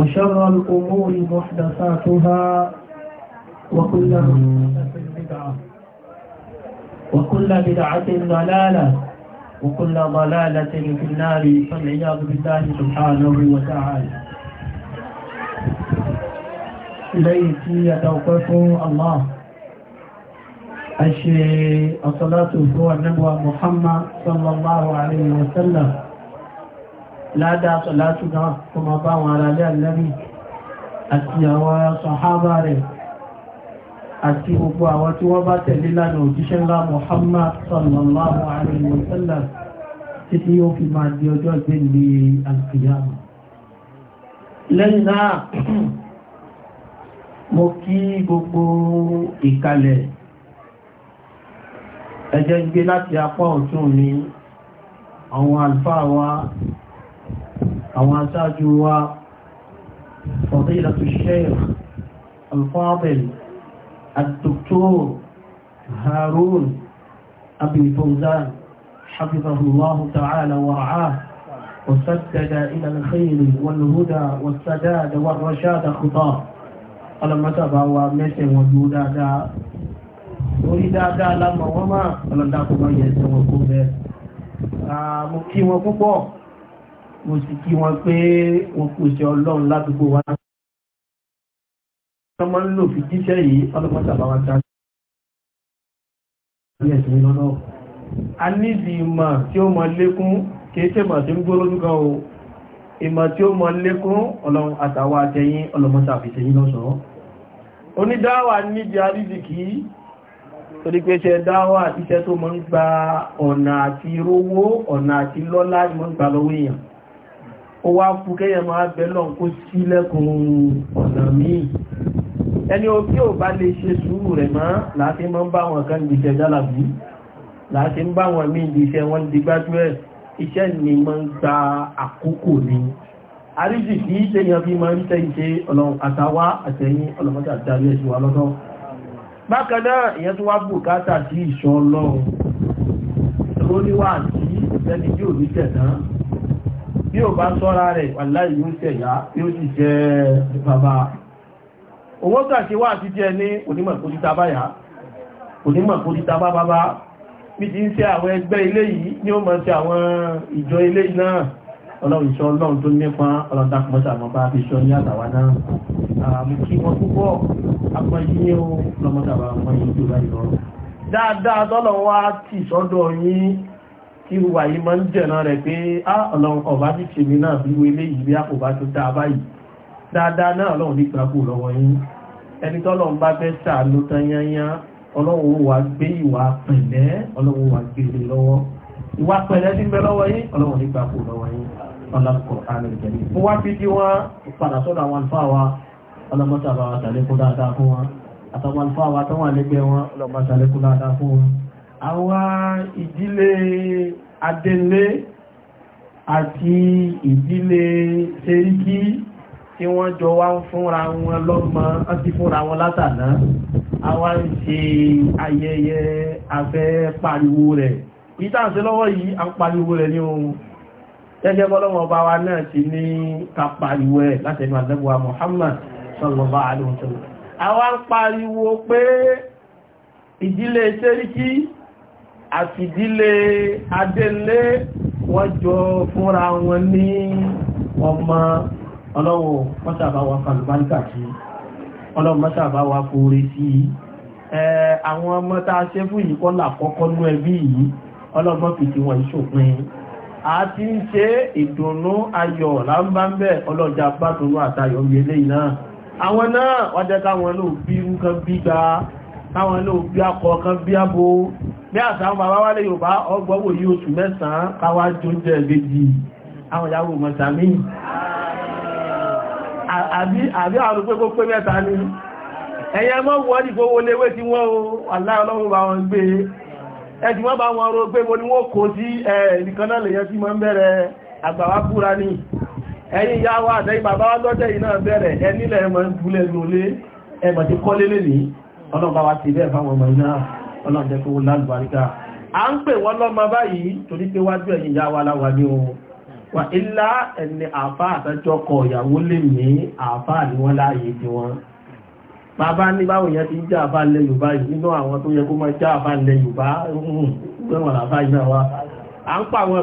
وشر الأمور محدثاتها وكل بدعة وكل بدعة ضلالة وكل ضلالة في النار فالعياذ بالله سبحانه وتعالى ليتي يتوقف الله أشي الصلاة هو النبوة محمد صلى الله عليه وسلم ládá sọ̀látù náà kó ma bá wọn aráalé Ànábì àti àwọn sàhábà rẹ̀ àti gbogbo àwọn tí wọ́n bá tẹ̀lé lánà òjíṣẹ́ ńlá Muhammad sallallahu alaihi wa sallam títí yóò fi máa di ọjọ́ ẹjẹ́ gbé láti apá ọ̀tún ní àwọn àlfáà wa àwọn aṣáájú wa fadilatu sheikh al-fadil al-doktor harun abi fawzan hafizahullah ta'ala wa ra'ah وسدد إلى الخير والهدى والسداد والرشاد خطاه ọlọ́mọ sábà wa mẹ́sẹ̀ wọn dúró dáadáa orí dáadáa lámọ̀ wọ́n máa ọlọ́dà kò máa yẹ ẹsẹ̀ wọn kó bẹ́ẹ̀ mo kí wọn púpọ̀ mo sì kí wọn pé wọn kò ṣe ọlọ́run ládùúgbò wa wọ́n máa ń lò fi jíṣẹ́ yìí ọlọ́pàá tàbá wa ta ní ẹ̀sìn lọ́nà a níbi ìmọ̀ tí ó mọ lékún kìí ṣe mà tí ń gbóró lúgán o ìmọ̀ tí ó mọ lékún ọlọ́run àtàwà àtẹyìn ọlọ́mọta àfìṣẹ́yìn lọ́sọ̀ọ́ onídáwà torí pé ṣe dáwà iṣẹ́ tó mọ́ ń gba ọ̀nà àti rówó ọ̀nà àti lọ́lá mọ́ ń gba lọ́wọ́ èèyàn ó wá fún kẹ́yẹ máa bẹ́lọ̀ kó sílẹ̀kùn ọ̀nà míì ẹni o tí ò bá lè ṣe sùúrù rẹ̀ máa láti máa ń bá wọn kan di iṣẹ́ jálàbí láti ń bá wọn míì di iṣẹ́ wọn di gbájú ẹ̀ iṣẹ́ ni máa ń gba àkókò ni àríjì kí tẹ́yàn fi máa ń tẹ́ ìṣe ọlọ́run àtàwá bí ò bá sọ́ra rẹ̀ wàláì yóò tẹ̀yà tí ó sì jẹ́ bàbá owó tàṣí wà sí jẹ́ ní onímọ̀ kó títa báyà onímọ̀ kó títa bá bàbá bí ti ń ṣe àwọn ẹgbẹ́ ilé yìí ní ó mọ̀ sí àwọn ìjọ ilé yìí náà ọlọ́run iṣẹ́ ọlọ́run tó nípa ọlọ́dá ìwà yìí máa ń jẹ̀nà rẹ̀ pé ọlọ́run ọba ti ṣe mi náà bí wọlé yìí bí àkóbá tó dá báyìí dáadáa náà ọlọ́run ní gbàgbó lọ́wọ́ yín ẹni tọ́lọ́run bá fẹ́ ṣàánú tán yányán ọlọ́run e wa ọlọ́mọ́sàbà àtàlẹ́kùn dáadáa fún wọn àtàwọn àlùfáà wa tó wà fún wọn àwọn ìdílé adélé àti ìdílé seríkí tí wọ́n jọ wá ń fúnra wọn lọ́mọ àti fúnra wọn látàná àwọn ń ṣe ayẹyẹ afẹ́ pariwo rẹ̀ ìtàṣẹ́ lọ́wọ́ yìí a ń pariwo rẹ̀ ní ohun gẹ́gẹ́ bọ́lọ́wọ́ bá wa náà ti ní ká pariwo rẹ̀ látẹnu àdẹ́gbà Muhammad sallallahu alaihi wasallam àwọn ń pariwo pé ìdílé seríkí àti ìdílé adélé wọ́n jọ fúnra wọn ní ọmọ ọlọ́wọ́ mọ́sàbáwá falùbáríkà sí ọlọ́wọ́ mọ́sàbáwá fòrè sí àwọn ọmọ tá a ṣe fún ìkọlà kọ́kọ́ nú ẹbí yìí ọlọ́mọ́ fi ti wọ́n ìṣòpin a ti ń ṣe ìdùnnú ayọ̀ lámbámbẹ̀ ọlọ́jà gbádùnú àtayọ̀ ilé náà àwọn náà wọ́n káwọn bí bí káwọn bí bí abo bí àṣà bàbá wálé Yorùbá ọgbọ́wò yí oṣù mẹ́sàn-án káwá jóúnjẹ ìbejì àwọn ìyàwó mọ̀sàmí àbí àwọn pé kó pé mẹ́ta ní ẹ̀yẹ mọ́ wọ́n ní fówó léwé tí wọ́n o aláàlọ́wọ́ bá wọn gbé ẹjì wọ́n bá wọn rò pé mo ní wọ́n kò sí ẹ̀ẹ̀nìkan náà lè yẹ tí wọ́n bẹ̀rẹ̀ àgbàwá búra ní ẹ̀yìn ìyá wa àtẹ́yìn bàbá wa lọ́jẹ́ yìí náà bẹ̀rẹ̀ ẹnílẹ̀ ẹmọ̀ ìbúlẹ̀ lólé ẹmọ̀ ti kọ́lé lè ní ọlọ́pàá wa ti bẹ́ẹ̀ fáwọn ọmọ náà ọlọ́jẹ́ kó lálùbáríkà a ń pè wọ́n lọ́mọ báyìí torí pé wájú wa láwa ní ohun wà ilá ẹni àfá àtẹ́jọ́ kọ ìyàwó lè ní àfá ní wọ́n láàyè tí wọ́n bàbá ní báwo yẹn ti jẹ́ àfá ilẹ̀ Yorùbá yìí nínú àwọn tó yẹ kó máa jẹ́ àfá ilẹ̀ Yorùbá gbẹ̀wọ̀n àfá yìí náà wá à ń pa àwọn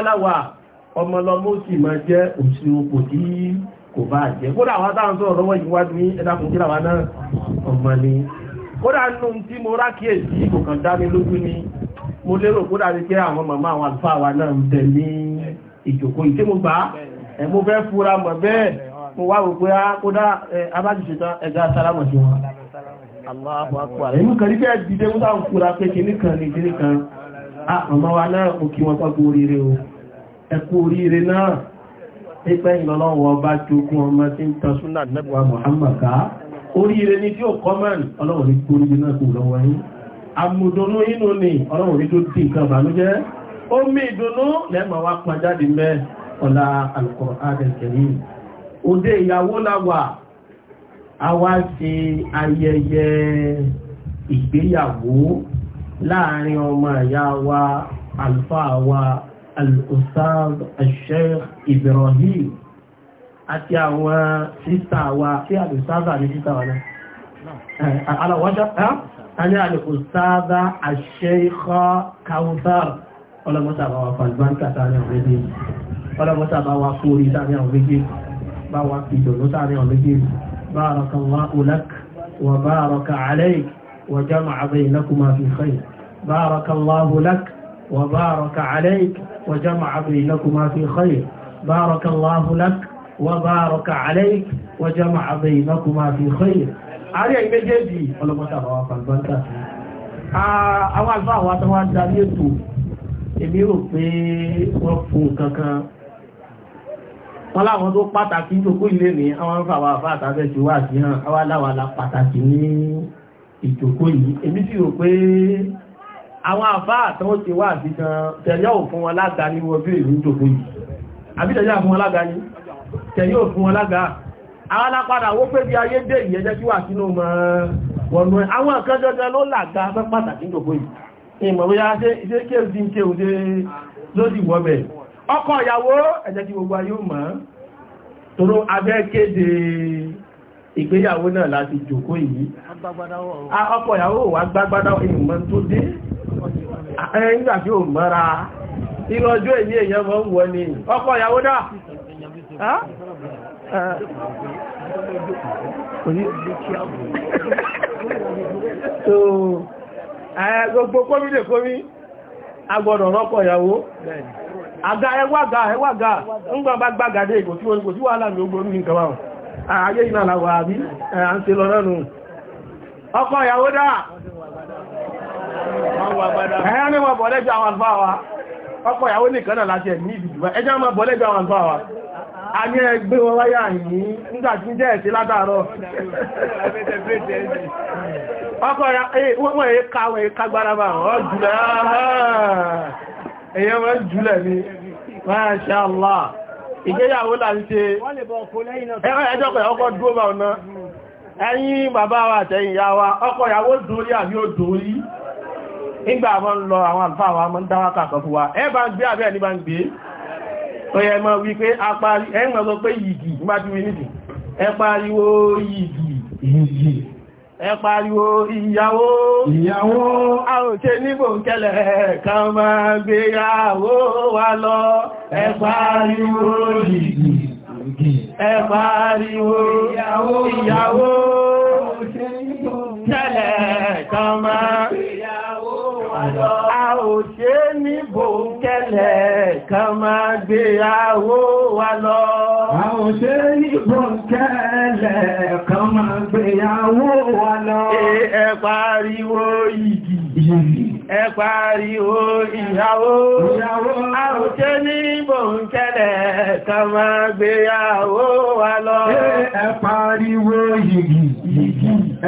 kan ọmọ lọmọ sì máa jẹ́ òṣìṣẹ́ òpò tí kò bá jẹ́ kódà wá táwọn sọ̀rọ̀ lọ́wọ́ yìí wá ní ẹ̀dàkùn kí làwọn náà ọmọ ni kódà nù tí mo rákìyèsí kò kàn dá mi lójú ni mo lérò kódà ní pé àwọn màmá àwọn àlùfáà wa náà ń bẹ ní ìjòkó ìtí mo gbà ẹ̀ mo fẹ́ fura mọ̀ bẹ́ẹ̀ mo wá wò pé ah, kódà abájúṣe tán ẹ̀dá sálámọ̀ sí wọn. èmi kàn ní fẹ́ dìde mo táwọn fura pé kìnnìkan ní kìnnìkan ah màmá wa náà mo kí wọn pàgbó oríire o ẹkú oríire náà pípẹ́ ìlọ́lọ́wọ́ ọba jogún ọmọ tí ń tan súnà nẹ́gbà Muhammad ká oríire ní tí ó kọ́mọ̀n ọlọ́wọ́ ní kó oríire náà kò lọ́wọ́ yín àmùdùnú inú ni ọlọ́wọ́ ní tó dín nǹkan bànújẹ́ omi ìdùnnú lẹ́mọ̀ wá pọn jáde mẹ́ ọ̀la Al-Qur'an Al-Karim wa al-ustaz al-sheikh ibrahim àti àwọn sísà wa sí al-ustaz àti sísà wa náà eh, aláwọ́jọ́ ẹni al-ustaz al-sheikh kawthar ọlọ́mọ́ta bá wa falbanka tàbí àwọn méjì ọlọ́mọ́ta bá wa kórí tàbí àwọn méjì bá wa fìdòló tàbí àwọn méjì barakallahu lak وجمع بينكما في خير بارك الله لك وبارك عليك وجمع بينكما في خير بارك الله لك وبارك عليك وجمع بينكما في خير àrí ẹ̀yìn méjèèjì ọlọ́mọdé àwọn àfàlùbọ́ntà àwọn àgbà àwọn àtàwọn adarí ètò èmi rò pé wọ́n fún kankan wọ́n láwọn tó pàtàkì ìjòkó ilé ní àwọn àgbà àwọn àfà àtàfẹ́ ti wà sí hàn àwọn aláwọ̀ pàtàkì ní ìjòkó yìí èmi sì rò pé àwọn àfá àtàwọn ti wà àti gan tẹ̀yọ́ ò fún wọn lága ní ojú ìlú jòkó yìí àbí tẹ̀yọ́ fún wọn lága ní tẹ̀yọ́ ò fún wọn lága àwọn alápadà wó pé bí ayé dé ìyẹjẹ́ tí wà sínú mọ́ wọnú ẹ̀ àwọn nǹkan jọjọ ló làga fẹ́ pàtàkì jòkó yìí ìmọ̀ bóyá ṣe kéèdì kéèdè lódì wọ́bẹ̀ ọkọ ìyàwó ẹ̀jẹ́ kí ìgbéyàwó náà láti jòkó yìí ọkọ ìyàwó wà gbágbádáwọ̀ ìmọ̀ tó dé ẹgbà tí ó mọ́ra ìlọ́jọ́ èyí èyàn mọ́ ni ọkọ ìyàwó náà gbogbo kómi lè kómi agbọ̀dọ̀ rọ́kọ̀ ìyàwó àga ẹwàga ẹwàga ńgbàmbá gbàgàdé ìkò tí wọ́n tí ogun ààyè ìnàlàwà àbí ìyàwó dáa ẹ̀yà ní wọ́n bọ̀lẹ́jọ àwọn àlùfáà ni ìyàwó nìkan náà láti ẹ̀mí ìdìdìwá ẹjá máa àwọn a ní ẹgbẹ́ wọn wáyà yìí nígbà jẹ́ ẹ̀sí látàárọ̀ ẹ̀yìn wa àtẹ̀yìn ìyá wa ọkọ̀ ìyàwó dórí àbí ó nígbà wọn lọ àwọn àlùfáà àwọn amọ́ ń dáwákà kan fún wa ẹ bá ń gbé àbẹ́ ní bá ń gbé tó yẹ mọ́ wípé apari ẹ mọ́ sọ pé yìgì nígbà tí wí nìdì ẹ pariwo yìgì yìgì ẹ ìyàwó ìyàwó a ò ṣe níbò kẹlẹ̀ kan máa gbéyàwó wa lọ ẹ pariwo yìgì ẹ pariwo ìyàwó ìyàwó kẹlẹ̀ kan máa A ò ṣe ní bòńkẹ́lẹ̀ kan máa gbé àwó wa lọ. A ò ṣe ní bòńkẹ́lẹ̀ kan máa gbé àwó wa lọ. Ẹ pariwo ìgì, ẹ pariwo ìyàwó. A ò ṣe ní bòńkẹ́lẹ̀ kan máa gbé àwó wa lọ. Ẹ pariwo ìgì,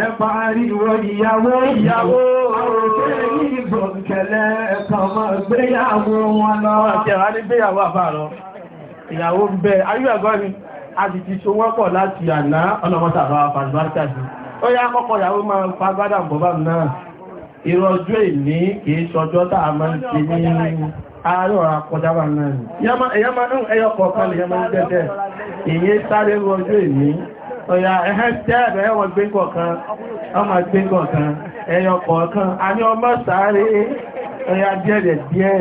ẹ̀pà rí ìwọ ìyàwó ìyàwó àròkẹ́ ní ìgbọ̀nkẹ̀lẹ̀ ẹ̀kàn máa wọn lọ. Àkẹ́rà ní gbéyàwó àbá lọ. Ìyàwó ń a ti ti so wọ́pọ̀ náà. Ìrọ̀jú èní a máa ń ṣe kọ̀ọ̀kan lè yẹ máa ń sáré rọjú ọ̀yà ẹ̀hẹ́ jẹ́ẹ̀bẹ̀ ẹwọ̀n gbẹ́gbọ̀ kan ọmọ gbẹ́gbọ̀ kan ẹyọ kọ̀ọ̀kan a ní ọmọ sáré ọ̀yà díẹ̀dẹ̀ díẹ̀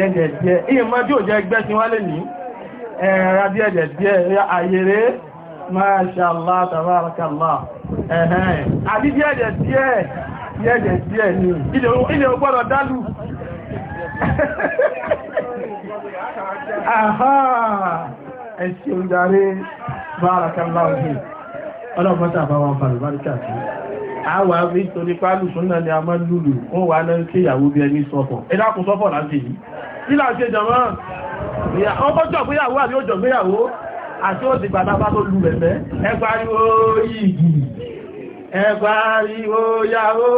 ẹ̀ṣẹ̀ ìdarí bárakàláwò yìí ọlọ́pọ̀tà àbáwọn bàrùbáríkà sí àwà rí torí pálù súnà ni a máa lùlù wọ́n wà náà kí ìyàwó bí ẹni sọ́fọ̀ ẹ̀dàkùn sọ́fọ̀ láti yìí nílà ṣe jọmọ́ ọkọ̀jọ̀ gbéyàwó àbí ó jọ gbéyàwó àti ó ti gbàdábá tó lù rẹ̀ mẹ́ ẹgbàá yóò yìí ẹ pariwo yàwó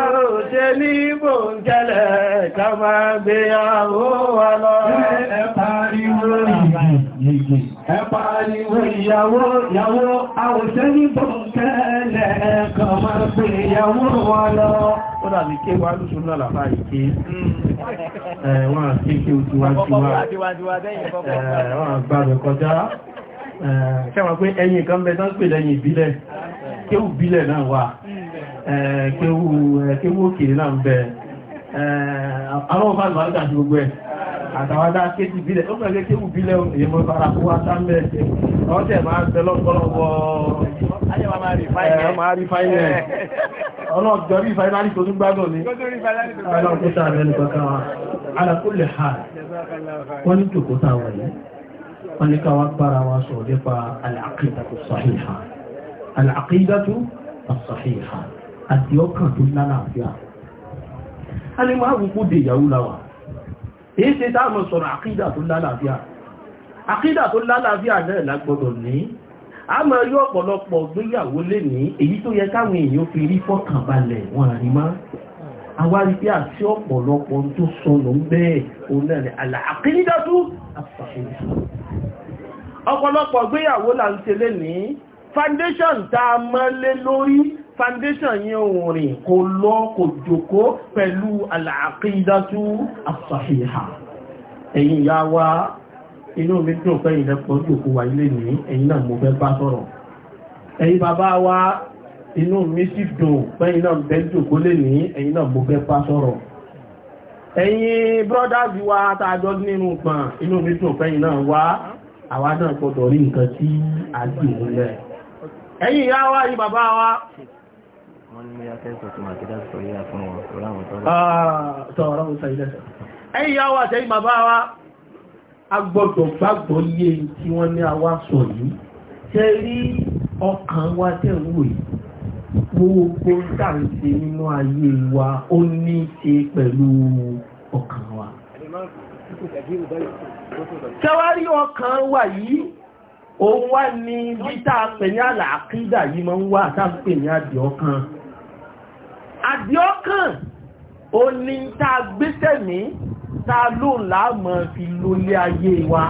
àròṣe ní bòńkẹ́lẹ̀ ká máa gbé yàwó wa lọ. ẹ pariwo yìí ẹ pariwo ìyàwó yàwó àròṣe ní bòńkẹ́lẹ̀ ká máa gbé yàwó wa lọ. ó dàbí ké wa lóṣù náà làbá ìké wọn àti ké tiwantiwa wọn àgbàdo kọjá ṣẹ́wọ̀n pé ẹyin kan bẹ tán pè lẹ́yìn ìbílẹ̀ kéwù bílẹ̀ náà wà hmm. kéwù òkèèrè náà ń bẹ àwọn ọba gbogbo ẹ̀ àtàwádá kéjì bílẹ̀ ó pẹ̀lú kéwù bílẹ̀ èyí mo fara kó wá sáńbẹ̀ ọ̀tẹ̀ máa ń bẹ lọ́pọ̀lọpọ̀ máa rí fáìlẹ̀ rí tó tún gbádùn ní àlàkídàtú àṣàhíhà àti ọkàn tó lálàáfíà a lè máa wùkú dè ìyàwó láwà èyí ṣe dáàmù sọ̀rọ̀ àkídà tó lálàáfíà àkídà tó lálàáfíà náà lágbọ́dọ̀ ní a máa yọ ọ̀pọ̀lọpọ̀ gbéyàwó lè ní èyí tó yẹ káwọn èèyàn fi rí fọ́kàn balẹ̀ wọn àrí má àwárí bí àti ọ̀pọ̀lọpọ̀ tó sọnù bẹ́ẹ̀ òun náà ní àlàkídàtú àṣàhíhà ọ̀pọ̀lọpọ̀ gbéyàwó là ń tẹ́lẹ̀ ní foundation tá a mọ́ lé lórí foundation yẹn ò rìn kò lọ kò jòkó pẹ̀lú al-aqidatu as-sahiha ẹ̀yin ìyá wa inú mi dùn pé ìlẹ́pọ̀ jòkó wà ilé ní ẹ̀yin náà mo fẹ́ bá sọ̀rọ̀ ẹ̀yin bàbá wa inú mi sì dùn pé ẹ̀yin náà bẹ́ jòkó lé ní ẹ̀yin náà mo fẹ́ bá sọ̀rọ̀ ẹ̀yin brothers wa tààjọ́ nínú pàn inú mi dùn pé ẹ̀yin náà wá àwa náà gbọ́dọ̀ rí nǹkan tí a dì múlẹ̀ ẹ̀yin ìyá wa yìí bàbá wa wọ́n ní mẹ́yà kẹ́sọ̀ tó máa kẹ́dá sọ yíyà fún wọn tó ráwọn tọ́lá ẹ̀yin ìyá wa àtẹ́yìn bàbá wa agbọ́dọ̀ gbàgbọ́ yé tí wọ́n ní àwa sọ yìí tẹ́ rí ọkàn wa tẹ́ ń wò yìí gbogbo dáǹtì nínú ayé wa ó ní ṣe pẹ̀lú ọkàn wa. Tẹ́wárí ọkàn wa yìí òun wá ní bíta pè ní àlàákídà yìí máa ń wá àtàpè ní àdìọ́kàn àdìọ́kàn ó ní tá a gbéṣẹ́ ní tá a lò láàmọ́ fi lólé ayé wa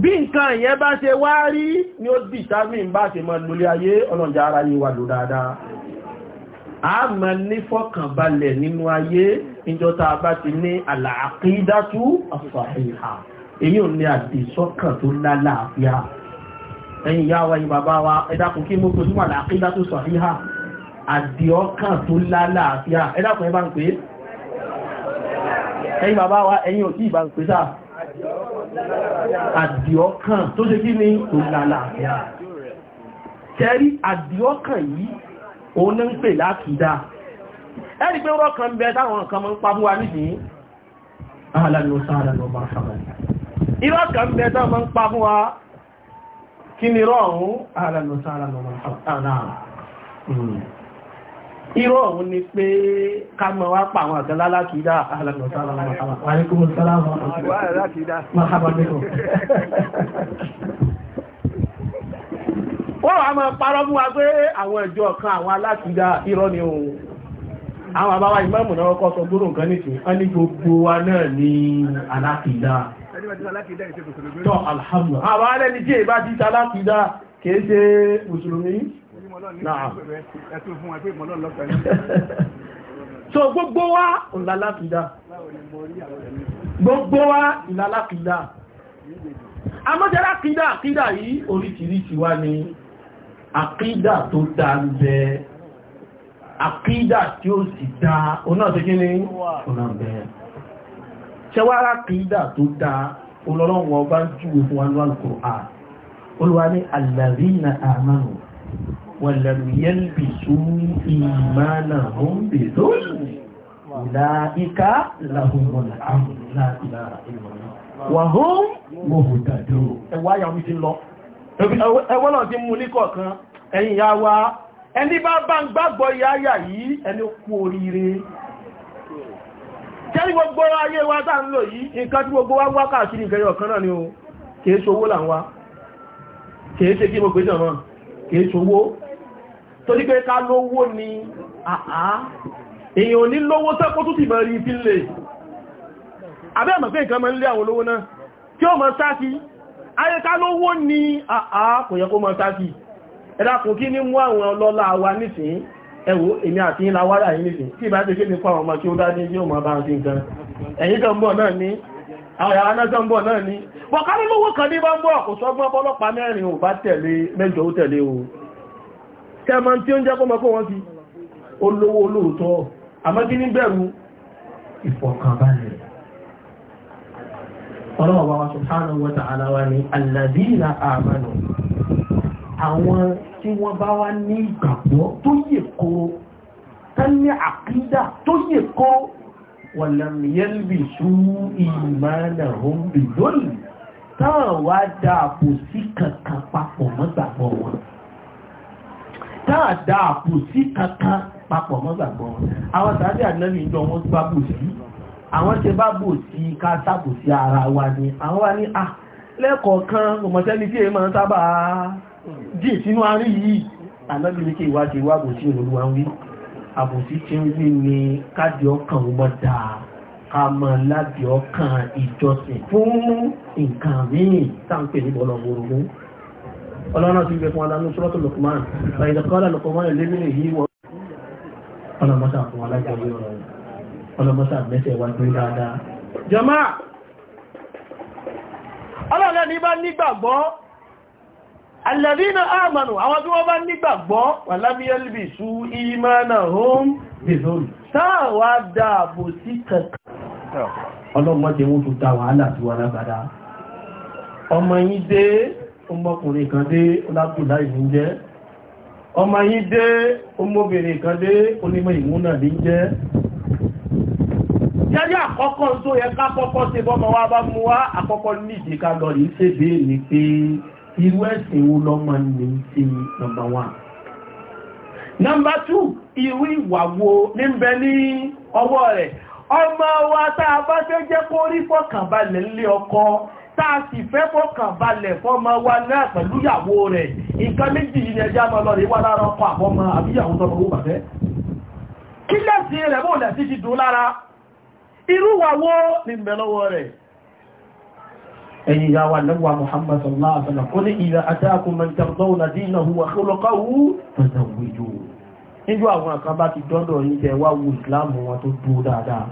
bí nǹkan ìyẹn bá ṣe wá rí ni ó dìtàmì bá ṣe mọ́ lólé ayé ọlọ́jà ara yìí wà lò dáadáa a ma ní fọ́kànbalẹ̀ nínú ayé ìjọta bá ti ní àlàákídátú as-sahiha èyí ò ní àdìsọ́kàn tó lálàáfíà ẹ̀yìn ìyá wa yìí bàbá wa ẹ̀dàkùn kí mo pèsè wà láàkídá tó sọ àríhà àdìọ́kàn tó lálàáfíà ẹ̀dàkùn ẹbá ń pè ẹ̀yìn bàbá wa ẹ̀yìn òtí ìbá ń pè sáà àdìọ́kàn tó ṣe kí ni tó lálàáfíà tẹ́rí àdìọ́kàn yìí òun ní ń pè láàkídá ẹ̀rí pé rọ́kàn bẹ táwọn nǹkan mọ́ ń pa fún wa nídìí ahlan wa sahlan wa marhaban irọ́ kan bẹ tán máa ń pa fún wa kí ni irọ́ ọ̀hún alàlọ́sá alàlọ́sá hmm. irọ́ òun ni pé ká mọ̀ wá pa àwọn àgbà lálákìídá alàlọ́sá wọ́n wá máa parọ́ fún wa pé àwọn ìjọ kan àwọn alákìídá irọ́ ni òun àwọn àbáwá ìmáàmù náà kọ́ sọ gbórò nǹkan nìtì wọ́n ní gbogbo wa náà ní alákìídá tọ́ alhamdulillah àwọn arẹ́ ní jẹ́ ìbá títa láti dá kìí ṣe mùsùlùmí náà so gbogbo wa ìlàlákìdá gbogbo wa ìlàlákìdá amọ́jẹ́lá kìdá kìdá yìí oríṣiríṣi wá ní àkídà tó dá ń bẹ àkídà tí ó sì dá onáà tó kí ní ọ̀nà bẹ́ẹ̀ ṣẹwàá kìídà tó dáa olọ́lọ́wọ́ bá ń júwe fún wa ní Al-Qur'an olúwa ní alladhina amanu walam yalbisu imanahum bizulmi ulaika lahumul amn la wa hum muhtadun ẹwà yàwó ti lọ ẹwọ́nà ti wa ẹni bá bá ń gbàgbọ́ tẹ́rí gbogbo ayé wa tá ń lò yìí nǹkan tí gbogbo wa wá káàkiri nǹkan ni o kìí ṣowó là kìí ṣe kí mo pè kìí ṣowó pé ká lówó ni àá eyi ní lówó tẹ́kọ́ tó ti bẹ̀rẹ̀ ìfi lè abẹ́ àmọ̀ nǹkan mọ́ ń àwọn náà kí mọ́ ni àá kò yẹ kó mọ́ sáàkì ẹ̀dàkùn kí ní mú ẹwò èmi àti ńlá wárà yìí nìsìn tí ìbá ti kéde fún àwọn ọmọ tí ó dá ní tí ó mọ̀ bá ń sí nǹkan ẹ̀yìn tó ń bọ̀ náà ní àwọn aná tó ń bọ̀ náà ní bọ̀kárí lówó kan ní bá ń bọ̀ kò sọ́gbọ́n ọlọ́pàá mẹ́rin ò bá tẹ̀lé mẹ́jọ ó tẹ̀lé o tẹ́mọ tí ó ń jẹ́ kó mọ́ kó wọ́n ti olówó olóòótọ́ àmọ́ wa subhanahu wa ta'ala wa ni àwọn tí wọ́n bá wá ní ìgbàgbọ́ tó yè kóró tán ní àkídà tó yè kóró walam yalbisu imanahum bidhulm táwọn wá dáàbò sí kankan papọ̀ mọ́gbàgbọ́ wọn táàdá àpò sí kankan papọ̀ mọ́gbàgbọ́ wọn àwọn sàájú ànábì ìjọ wọn bá bò sí àwọn ṣe bá bò sí ká sábò sí ara wa ni àwọn wá ní à ah, lẹ́kọ̀ọ̀kan ọmọṣẹ́ni tí èèmọ̀ sábà dì sínú arí yìí alábìnrin kí ìwádìí wà bò sí olúwa wí àbòsí tí ń wí ni káàdì ọkàn wọn dà ká mọ láti ọkàn ìjọsìn fún nǹkan míì táǹpẹ̀ ní bọ́lọ̀gbòrògbò ọlọ́run ti gbẹ fún adánú sọ́rọ́tò Luqman ìdàkọ́lá Luqman lẹ́mìnì yìí wọ́n ọlọ́mọ́sà fún alájọ́lé ọ̀rọ̀ ọlọ́mọ́sà mẹ́sẹ̀ wá gbé alẹ́rìnà àmànù àwọn tí wọ́n bá nígbàgbọ́ wà lábíyẹ́lìbì sú ìmánà home bìzọ́rù sáàwà dáàbò sí kẹ̀kẹ́ ọlọ́mọdé wọ́n tó dá wàhálà tí wọ́n lágbàdá ọmọ yìí dé ọmọkùnrin kan dé olágbùlá ìlú jẹ́ ọmọ yìí dé ọmọbìnrin kan dé onímọ̀ ìmúnà ní jẹ́ àkọ́kọ́ tó yẹ ká kọ́kọ́ iru ẹ̀sìn wo lọ́mọ ní ti nọmba nọmba tù irú ìwà wo ní bẹ ní ọwọ́ rẹ̀ ọmọ wa tá a bá fẹ́ jẹ́ kó rí fọkànbalẹ̀ nílé ọkọ tá a sì fẹ́ fọkànbalẹ̀ fọmọ wa náà pẹ̀lú ìyàwó rẹ̀ nǹkan méjì yìí ni ẹjẹ́ wá lára ọkọ àbọ́mọ àbíyàwó tọmọ owó bàbẹ́ kí lẹ́sìn rẹ̀ bóòlẹ̀ sí ti dùn lára irú wo ní lọ́wọ́ ẹ̀yìn ìyá wa lẹ́wà Muhammad sallallahu alaihi ní ìlà ataakum man tardawna dinahu wa khuluqahu fazawwijuhu nígbà àwọn àkan ti dọ́dọ̀ yìí tẹ wá wo wọn tó dúró dáadáa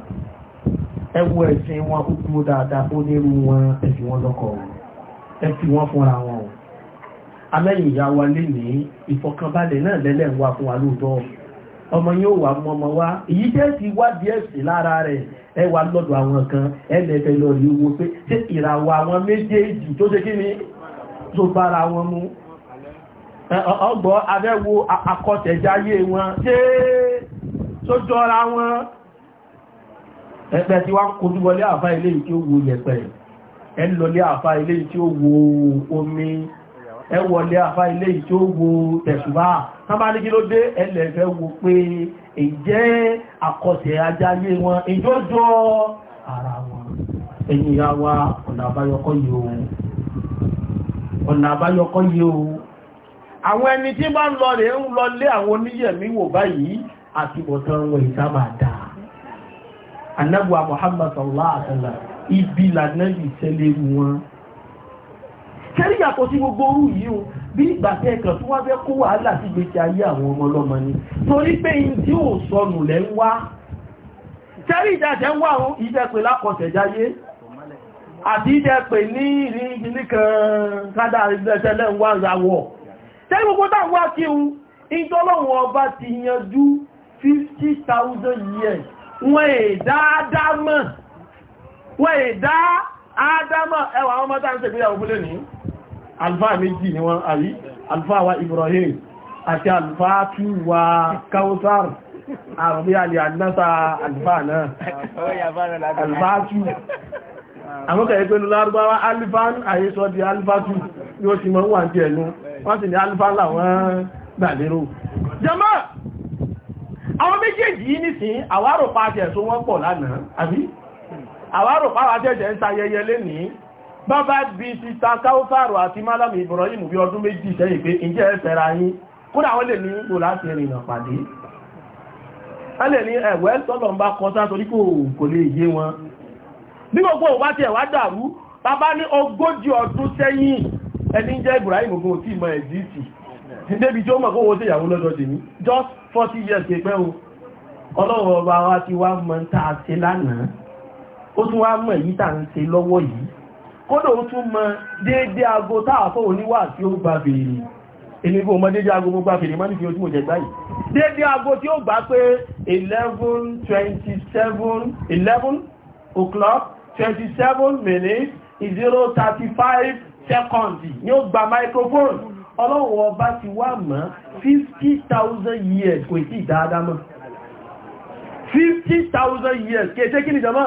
ẹ ẹ̀sìn wọn ó dúró dáadáa ó nírú wọn ẹ wọn lọ́kọ ẹ wọn fúnra wọn o ìyá wa lé ní ìfọkànbalẹ̀ náà lẹ́lẹ́ ń fún wa lóòótọ́ ọmọ yóò wà mọ́ ọmọ wá èyí jẹ́ ti wá díẹ̀ sí lára rẹ̀ ẹ wà lọ́dọ̀ àwọn kan ẹlẹ́fẹ́ lọ rí owó pé ṣé ìràwọ̀ àwọn méjèèjì tó ṣe kí ni tó bára wọn mú ọgbọ́ abẹ́wo akọ́tẹ̀jáyé wọn ṣé tó jọra wọn ẹgbẹ́ tí wá ń kojú wọlé àfá ilé tí ó wo yẹ̀pẹ̀ ẹ lọlé àfá ilé tí ó wo omi tàbá ní kí ló dé ẹlẹ́fẹ́ wo pé ìjẹ́ àkọsẹ̀ ajáyé wọn ìjọ́jọ́ ara wọn ẹ̀yìn ìyá wa ọ̀nà àbáyọkọ́ yìí ohun àwọn ẹni tí bá ń lọ rẹ̀ ń lọ lé àwọn oníyẹ̀mí wò báyìí àti bọ̀tán wọn ìta Muhammad sallallahu alaihi wasallam ibi lànà ìṣẹ̀lẹ̀ wọn kẹ́ríyàtọ̀ sí gbogbo orú yìí bí ìgbà tí ẹ̀kan tí wọ́n fẹ́ kó wàhálà sí gbèsè ayé àwọn ọmọ ọlọ́mọ ni torí pé in tí ò sọnù lẹ́ ń wá tẹ́rí ìdájẹ́ ń wá àwọn ìdẹ́pẹ̀ lákọ̀ọ̀tẹ̀jáyé àti ìdẹ́pẹ̀ ní ìrìnjìnlẹ̀ kan kádà ìgbẹ̀sẹ̀lẹ̀ ń wá ìràwọ̀ tẹ́rí gbogbo táwọn wá kí un ìjọlọ́wọ̀n ọba ti yanjú 50,000 years wọ́n èdá ádámọ̀ ẹwà ọmọ tá ń ṣègbéyàwó fúlé alfáà méjì ni wọ́n àrí alfáà wa Ibrahim àti alfáà tí wa Kawthar àrùbí alì àdínáta alfáà náà alfáà tí àmọ́kà ẹgbẹ́ ní lárúbáwá alifán àyíṣọ́ di alifátù ní ó ti mọ́ wà ní ẹ̀nu wọ́n sì ní alifán làwọn gbàlérò jẹmọ́ àwọn méjèèjì yìí nìsín àwárò pàtẹ̀ tó wọ́n pọ̀ lánàá àbí àwárò pàtẹ̀ ń sayẹyẹ lénìí bàbá bí síta káwọ́fàrò àti málàmù Ibrahim bí ọdún méjì sẹ́yìn pé ìjẹ́ ẹ̀fẹ́ra yín kúrò àwọn lè ní ipò láti rìnà pàdé a lè ní ẹ̀wẹ́ sọ́lọ̀ ń bá kọta torí kò lè yé wọn bí gbogbo òwá ti ẹ̀wà dàrú bàbá ní ogójì ọdún sẹ́yìn just 40 years pẹ́ o ọlọ́run ọba wa ti wá mọ̀ ń ta àṣe kódò ó tún mọ déédé aago táàfọ́ oníwà tí ó gbà bèèrè èmi kò mọ déédé aago mo gbà bèèrè mọ́nìfì ojú mo jẹ gbáyìí déédé aago tí ó gbà pé 11:27 11 o'clock 27 minutes 0:35 seconds ni ó gba microphone ọlọ́run ọba ti wá mọ́ 50,000 years kò tí dáadáa mọ́ 50,000 years kéèkéé kí ni jọmọ́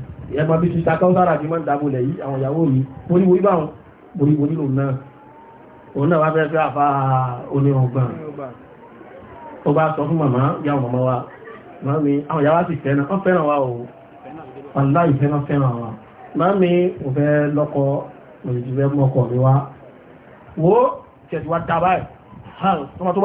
ẹgbọ́n bí sísá káwọ́sára bí máa ń dábòlẹ̀ yìí àwọn ìyàwó mi boríbo ibà wọn boríbo nílò náà òun náà wá fẹ́ fẹ́ àfa onírọ̀gbọ̀n ó bá sọ fún màmá yà màmá wa máa mi àwọn ìyàwó sì fẹ́ràn wa o wàlá ìfẹ́ náà fẹ́ràn wa máa mi ò fẹ́ lọ́kọ òyìnbó fẹ́ mọ́kọ mi wá wo tẹ̀sí wa dábàá ẹ̀ ọmọ tó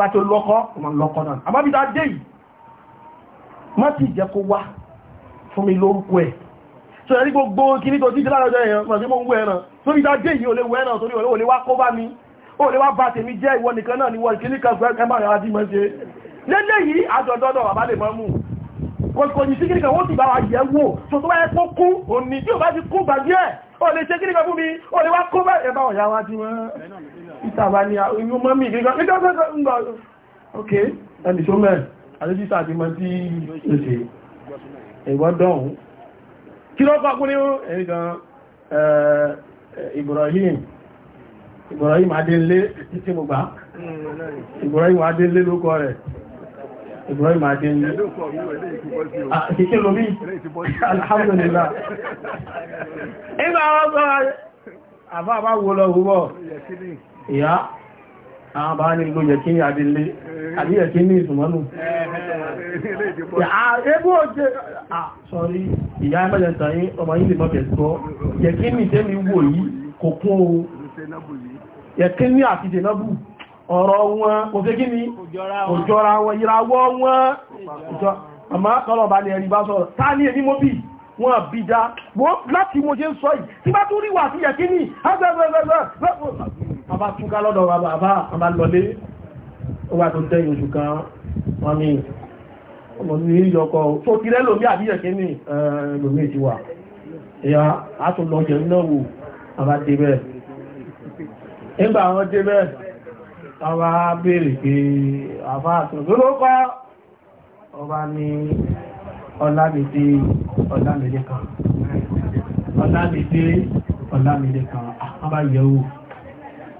so ẹ̀rí gbogbo kí ní tó títí láàrọ̀jọ́ èèyàn mọ̀ sí mọ́ ń wẹ́ ẹ̀ràn tó ní dájé yìí ò lè wẹ́ ẹ̀ràn torí ò lè wá kó bá mi ò lè wá bá tèmi jẹ́ ìwọ nìkan náà ni wọ́n ìkíní kan fẹ́ ẹmà rẹ̀ adí mọ́ ṣe lélẹ́ yìí àjọ̀dọ́dọ̀ bàbá lè mọ́ mú kò ní sí kí nìkan wọ́n ti bá wa yẹ̀ wò tó tó wáyé kó kú òní tí ò bá ti kú gbàgbé ẹ̀ ò lè ṣe kí nìkan fún mi ò lè wá kó bá ẹ̀bá ọ̀yá wa ti wọ́n ìtàbà ni inú mọ́ mi nìkan nìkan fẹ́ ń gbọ́ ok ẹnì tó mẹ́ àdéjìsà àti mọ́ tí ó ṣe ìwọ́dọ̀hún kí ló fà kún ní ẹ̀rígan eh, Ibrahim Ibrahim Adélé títí mo gbà Ibrahim Adélé lókọ rẹ̀ Ibrahim Adélé kìkí ah, lómi alhamdulillah ìgbà àwọn àbá àbá wo lọ hùwọ́ ìyá àwọn bá ní ló yẹ kí ní adílé àbí yẹ kí ní ìsùnmọ́nù sọ́rí ìyá ẹgbẹ́jẹta yí ọmọ yìí lè mọ́kẹ̀ sọ́ yẹ kí ní tẹ́mi wò yìí kò kún o yẹ kí ní àti dènàbù ọ̀rọ̀ wọn kò fẹ́ kí ní òjọ́ra wọn ìràwọ̀ wọn àmá kọ́lọ̀ bá ní ẹ̀rí bá sọ̀rọ̀ tá ní èmi mọ́bí wọn àbídá láti mo ṣe ń sọ yìí tí bá tún ríwà sí yẹ kí ní bàbá túká lọ́dọ̀ bàbá àbá lọlé ó wà tó tẹ́yìn oṣù kan wọ́n ní ọmọ ní ìyọkọ̀ tó ti rẹ́ lómi àbíyẹ̀kẹ́ ní lómi ti wà ìyá àtúnlọ́jẹ̀ náà wò àbá débẹ̀ nígbà àwọn débẹ̀ àwọn abèrè pé àbá àtúnlọ́kọ́ ọba ní ọlámìdé ọlámìdé kan ọlámìdé ọlámìdé kan àbá ah, yẹ̀wò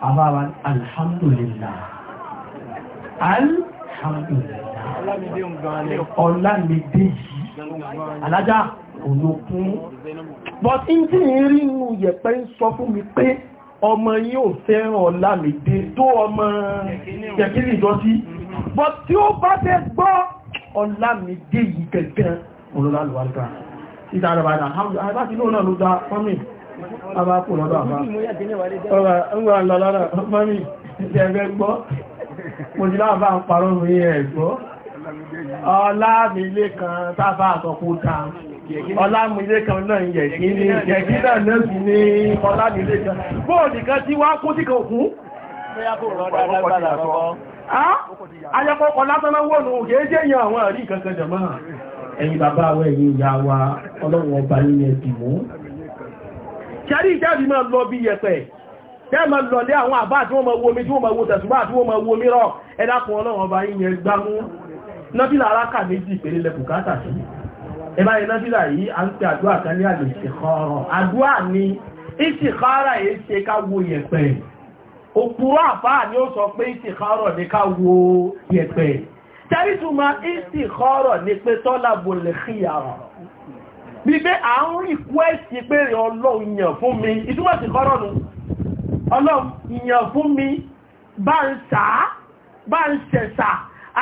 àbáwa alhamdulillah alhamdulillah ọlámidé yìí alájá olókún but in tí ń rí inú yẹ̀pẹ́ ń sọ fún mi pé ọmọ yìí ò fẹ́ràn ọlámidé tó ọmọ yẹ̀kílì ìjọ sí but tí ó bá fẹ́ gbọ́ ọlámidé yìí gẹ̀gẹ́ olólàlùwárí a bá kù lọ́dọ̀ àbá ọba ńgbà lọ lọ́dọ̀ mọ́mí ti ẹgbẹ́ gbọ́ mo ti láàbá ń parọ́ mi ẹ̀ gbọ́ ọlá mi lé kan sábà àtọ́kú ta ọlá mi lé kan náà ń yẹ̀kí ní yẹ̀kí náà náà sì ní ọlá mi lé kan bóòdì kan tí wá kó tí kan òkú Ayẹ́kọ́ ọkọ̀ látọ́lá wọ́nù ògéjẹ́ yẹn àwọn àrí ìkankan jẹ̀mọ́. Ẹ̀yin bàbá wa ẹ̀yin ìyá wa ọlọ́run ọba yìí ẹ̀dìmọ́ ṣẹ́rí ìjáàbí máa lọ bí yẹ̀pẹ̀ tẹ́ ma lọ lé àwọn àbá tí wọ́n ma wo mi tí wọ́n ma wo tẹ̀sùbá tí wọ́n ma wo mi rọ ẹ̀dàkùn ọlọ́run ọba yíyẹn gbámú nábìlà aráka méjì péré lẹ bùkátà sí ẹbá yẹn nábìlà yìí a ń pè àdúrà kan ní àlè ìṣèkọ́rọ̀ àdúrà ni ìṣèkọ́rọ̀ yìí ṣe ká wo yẹ̀pẹ̀ òpùrọ̀ àbá ni ó sọ pé ìṣèkọ́rọ̀ ni ká wo yẹ̀pẹ̀ tẹ́rìtùmọ̀ ìṣèkọ́rọ̀ ni pé tọ́lá bolẹ̀ bí pé à ń rí kwẹ́sì pé ọlọ́run yàn fún mi ìtumọ̀ sí kọ́rọ̀ nù ọlọ́run yàn fún mi bá ń sàá bá ń ṣẹ̀sà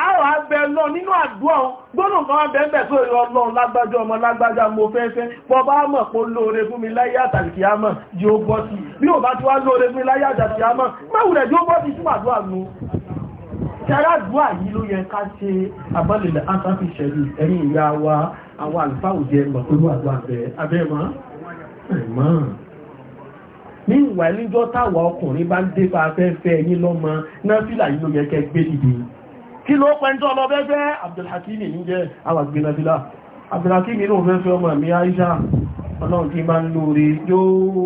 àárọ̀ abẹ lọ nínú àdúrà gbọ́nà kan wá bẹ́ẹ̀ tó ìrọ̀ ọlọ́run lágbájá ọmọ lágbájá mo fẹ́fẹ́ bọ́ bá mọ̀ pé lóore fún mi láyé àtàlìkì àmọ̀ jí ó bọ́ sí bí ò bá ti wá lóore fún mi láyé àtàlìkì àmọ̀ máwùrẹ̀ jí ó bọ́ sí fún àdúrà nù ṣe aládùúrà yìí ló yẹ ká ṣe àbọ̀lẹ̀lẹ̀ àtàkì ṣẹ̀lú ẹ̀yìn ìyá wa àwọn àlùfáà òjẹ́ mọ̀tòlú àdó abẹ́ abẹ́mọ́ ẹ̀mọ́ ní ìwà ìlíjọ́ táwa ọkùnrin bá ń dé bá afẹ́fẹ́ ẹ̀yìn lọ́mọ náà fìlà yìí ló yẹ kẹ́ gbé dìde kí ló pẹ́ntọ́ ọlọ́bẹ́fẹ́ Abdulhakimi ní jẹ́ àwàgbé náà fìlà Abdulhakimi ló fẹ́ fẹ́ ọmọ mi Aisha ọlọ́run tí bá ń lóore yóò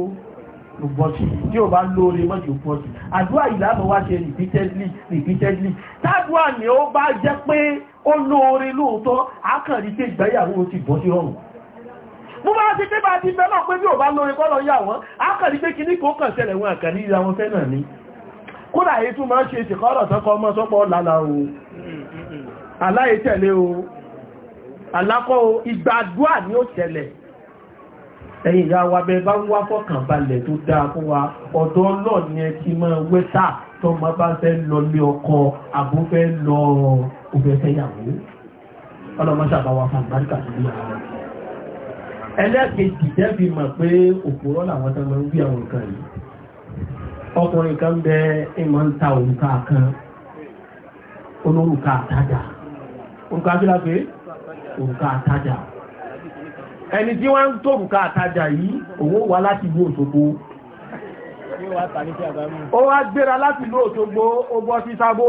bọ́sí tí ó bá lóore mọ́jú bọ́sí àdúrà ìlànà wá ṣe repeatedly repeatedly tádùá ni ó bá jẹ́ pé ó lóore lóòótọ́ ákàrí pé ìgbáyàwó ti bọ́ sí rọrùn mú bá ti pé bá ti fẹ́ náà pé bí ò bá lóore kọ́lọ̀ yà wọ́n ákàrí pé kíní kó kàn ṣẹlẹ̀ wọn àkàrí ìra wọn fẹ́ náà ni kódà èyí tún máa ń ṣe ìṣẹ̀kọ́rọ̀ sọ́kọ́ ọmọ sọ́pọ̀ lálá o aláyẹ̀tẹ̀lé o alákọ́ o ìgbàdúà ní ó ṣẹlẹ̀ ẹ̀yìn ìyá wa bẹ bá ń wá fọ́kàn balẹ̀ tó dáa fún wa ọ̀dọ́ ọlọ́ọ̀ni ẹ ti máa wẹ́tà tọ́mọ bá fẹ́ lọ lé ọkọ àbúfẹ́ lọ ó fẹ́ fẹ́ yàwó bá wa fún àgbáríkà tó bí ara ẹlẹ́ẹ̀kejì jẹ́bi mọ̀ pé òpòrọ́ làwọn tó máa ń bí àwọn nǹkan yìí ọkùnrin kan bẹ ìmọ̀ ń ta òrùka kan olórùka àtajà òrùka bí lápé òrùka àtajà ẹni tí wọ́n ń tó òrùka àtajà yìí òun wá láti ìlú Òṣogbo ó wá gbéra láti ìlú Òṣogbo ó bọ́ sí Sábó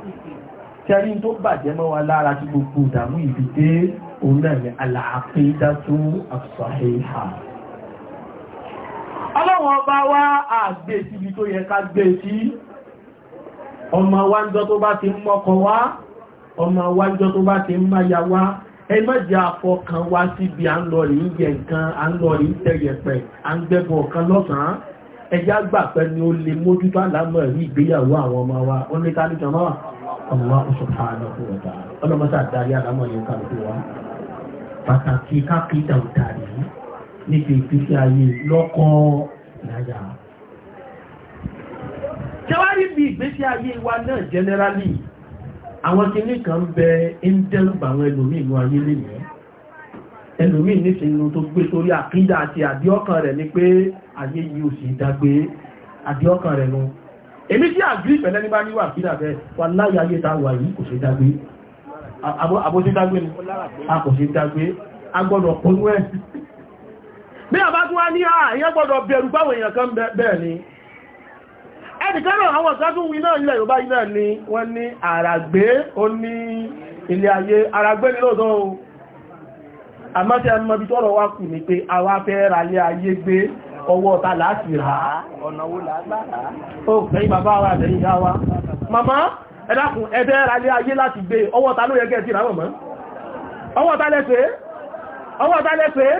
tẹ́rí tó bàjẹ́ mọ́ wa lára tí gbogbo ìdàmú ìbí dé òun náà ni àlàáfíìdá tó àṣàhíhà ọlọ́wọ́n bá wá àgbé síbi tó yẹ ká gbé sí ọmọ wájọ́ tó bá ti ń mọ́kọ wá ọmọ wájọ́ tó bá ti ń máya wá ẹ mọ́jẹ́ àfọkàn wá síbi à ń lọ rí yẹ nǹkan à ń lọ rí tẹ̀yẹ̀pẹ̀ à ń gbẹ́bọ̀ kan lọ́sàn-án ẹjá gbà pẹ́ ni ó lè mójútó àlámọ̀ rí ìgbéyàwó àwọn ọmọ wa ó ní ká níjọ náà Allah subhanahu wa ta'ala ọlọ́mọsá darí àlámọ̀ yẹn kàlùkù wá pàtàkì kápítà ní níbi ìpínlẹ̀ ayé lọ́kọ́ láyà jẹ́wárí bí ìgbésí ayé wa náà jẹ́nẹ́rálì àwọn kìíní kan ń bẹ àwọn inú ayé tó gbé sórí àkídà àti àdíọ́kàn rẹ̀ ni pé ayé yìí ò dágbé àdíọ́kàn rẹ̀ èmi tí àgbí ìpẹ̀lẹ́ ní bá níwà fídà bẹ́ wà láyé ayé ta wà yìí kò ṣe dágbé àbóṣídágbé ni a kò ṣe dágbé a gbọ́dọ̀ pọ̀lú ẹ̀ bí a bá tún wá ní àyẹ́ gbọ́dọ̀ bẹ̀rù báwọn èèyàn kan bẹ́ẹ̀ ni ẹnìkan náà àwọn kan tún wí náà ilẹ̀ Yorùbá yìí náà ni wọ́n ní àràgbé ó ní ilé ayé àràgbé ni lóòótọ́ o àmọ́ tí a mọ́ bí tọ́rọ wá kù ni pé àwa fẹ́ ra ilé ayé gbé ọwọ́ ta láti rà á ọ̀nàwó lágbàrá ó fẹ́ bàbá wa àtẹ̀yìn ìyá wa màmá ẹ dákun ẹ̀dẹ́ ralé ayé láti gbé ọwọ́ ta ló yẹ kẹ́ ti rà màmá ọwọ́ ta lẹ́fẹ́ ọwọ́ ta lẹ́fẹ́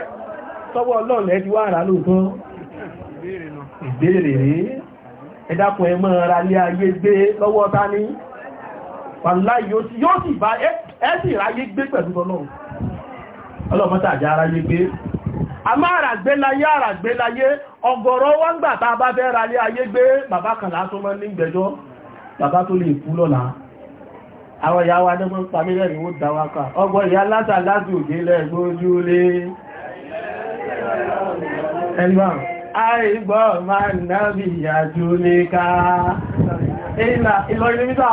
tọwọ́ ọlọ́ọ̀lẹ́ ti wá rà lóòótọ́ ìbéèrè rí ẹ dákun ẹ máa ralé ayé gbé lọ́wọ́ ta ní wàláì yóò sì bá ẹ sì ráyé gbé pẹ̀lú ọlọ́run ọlọ́mọ́ta àjá aráyé gbé a máa ràgbélayé àràgbélayé ọgọ̀rọ̀ wọ́n gbà bá fẹ́ ra lé ayé gbé bàbá kan mọ́ ní gbẹjọ́ bàbá tó lè kú lọ́la àwọn ìyá wa dẹ́gbọ́n pàmílẹ̀ ni ó dáwákà ìlà ìlọrin níta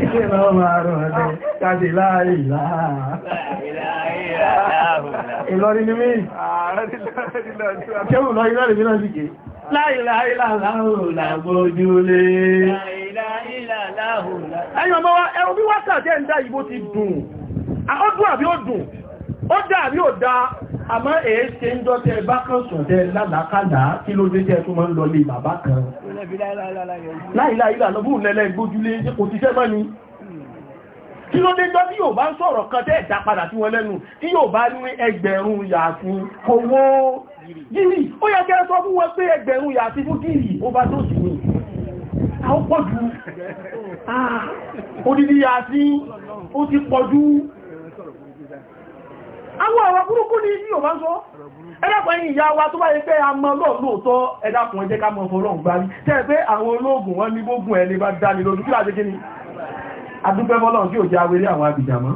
ilé lọ máa rọ̀ ọ̀dẹ́ káàdì láàrí láàá ìlọrin ní mí kéwù lọ ìlọrin mí náà sì ké láìláìláàláhùn làgbójúlé ó dàbí ò dá àmọ́ èé ṣe ń jọ tẹ bá kan sọ̀tẹ́ lálàákàlà kí ló dé tẹ́ tó máa ń lọ lé bàbá kan láìláìlà lọ́bùn lẹ́lẹ́ gbójúlé kò ti sẹ́mọ́ ni kí ló dé jọ tí yóò bá ń sọ̀rọ̀ kan tẹ́ ìdá padà sí wọn lẹ́nu tí yóò bá ní ẹgbẹ̀rún yàáfin owó gírì ó yẹ kẹ́ sọ fún wọn pé ẹgbẹ̀rún yàáfin fún gírì ó bá tó sì ní àwọn pọ̀jù ah, ó ti pọ̀jù àwọn ọ̀rọ̀ burúkú ní yíò máa ń sọ ẹ̀dàpọ̀ yìí ìyá wa tó bá yẹ pé a mọ lọ́ọ̀lọ́ọ̀tọ́ ẹ̀dàpọ̀ ẹjẹ́ ká mọ fọ́lọ́ gbárí tẹ́ pé àwọn olóògùn wọn ní gbógun ẹni bá dáni lójú kí láti kíni adúpẹ́ fọ́lọ́n tí ò já wéré àwọn abìjà mọ́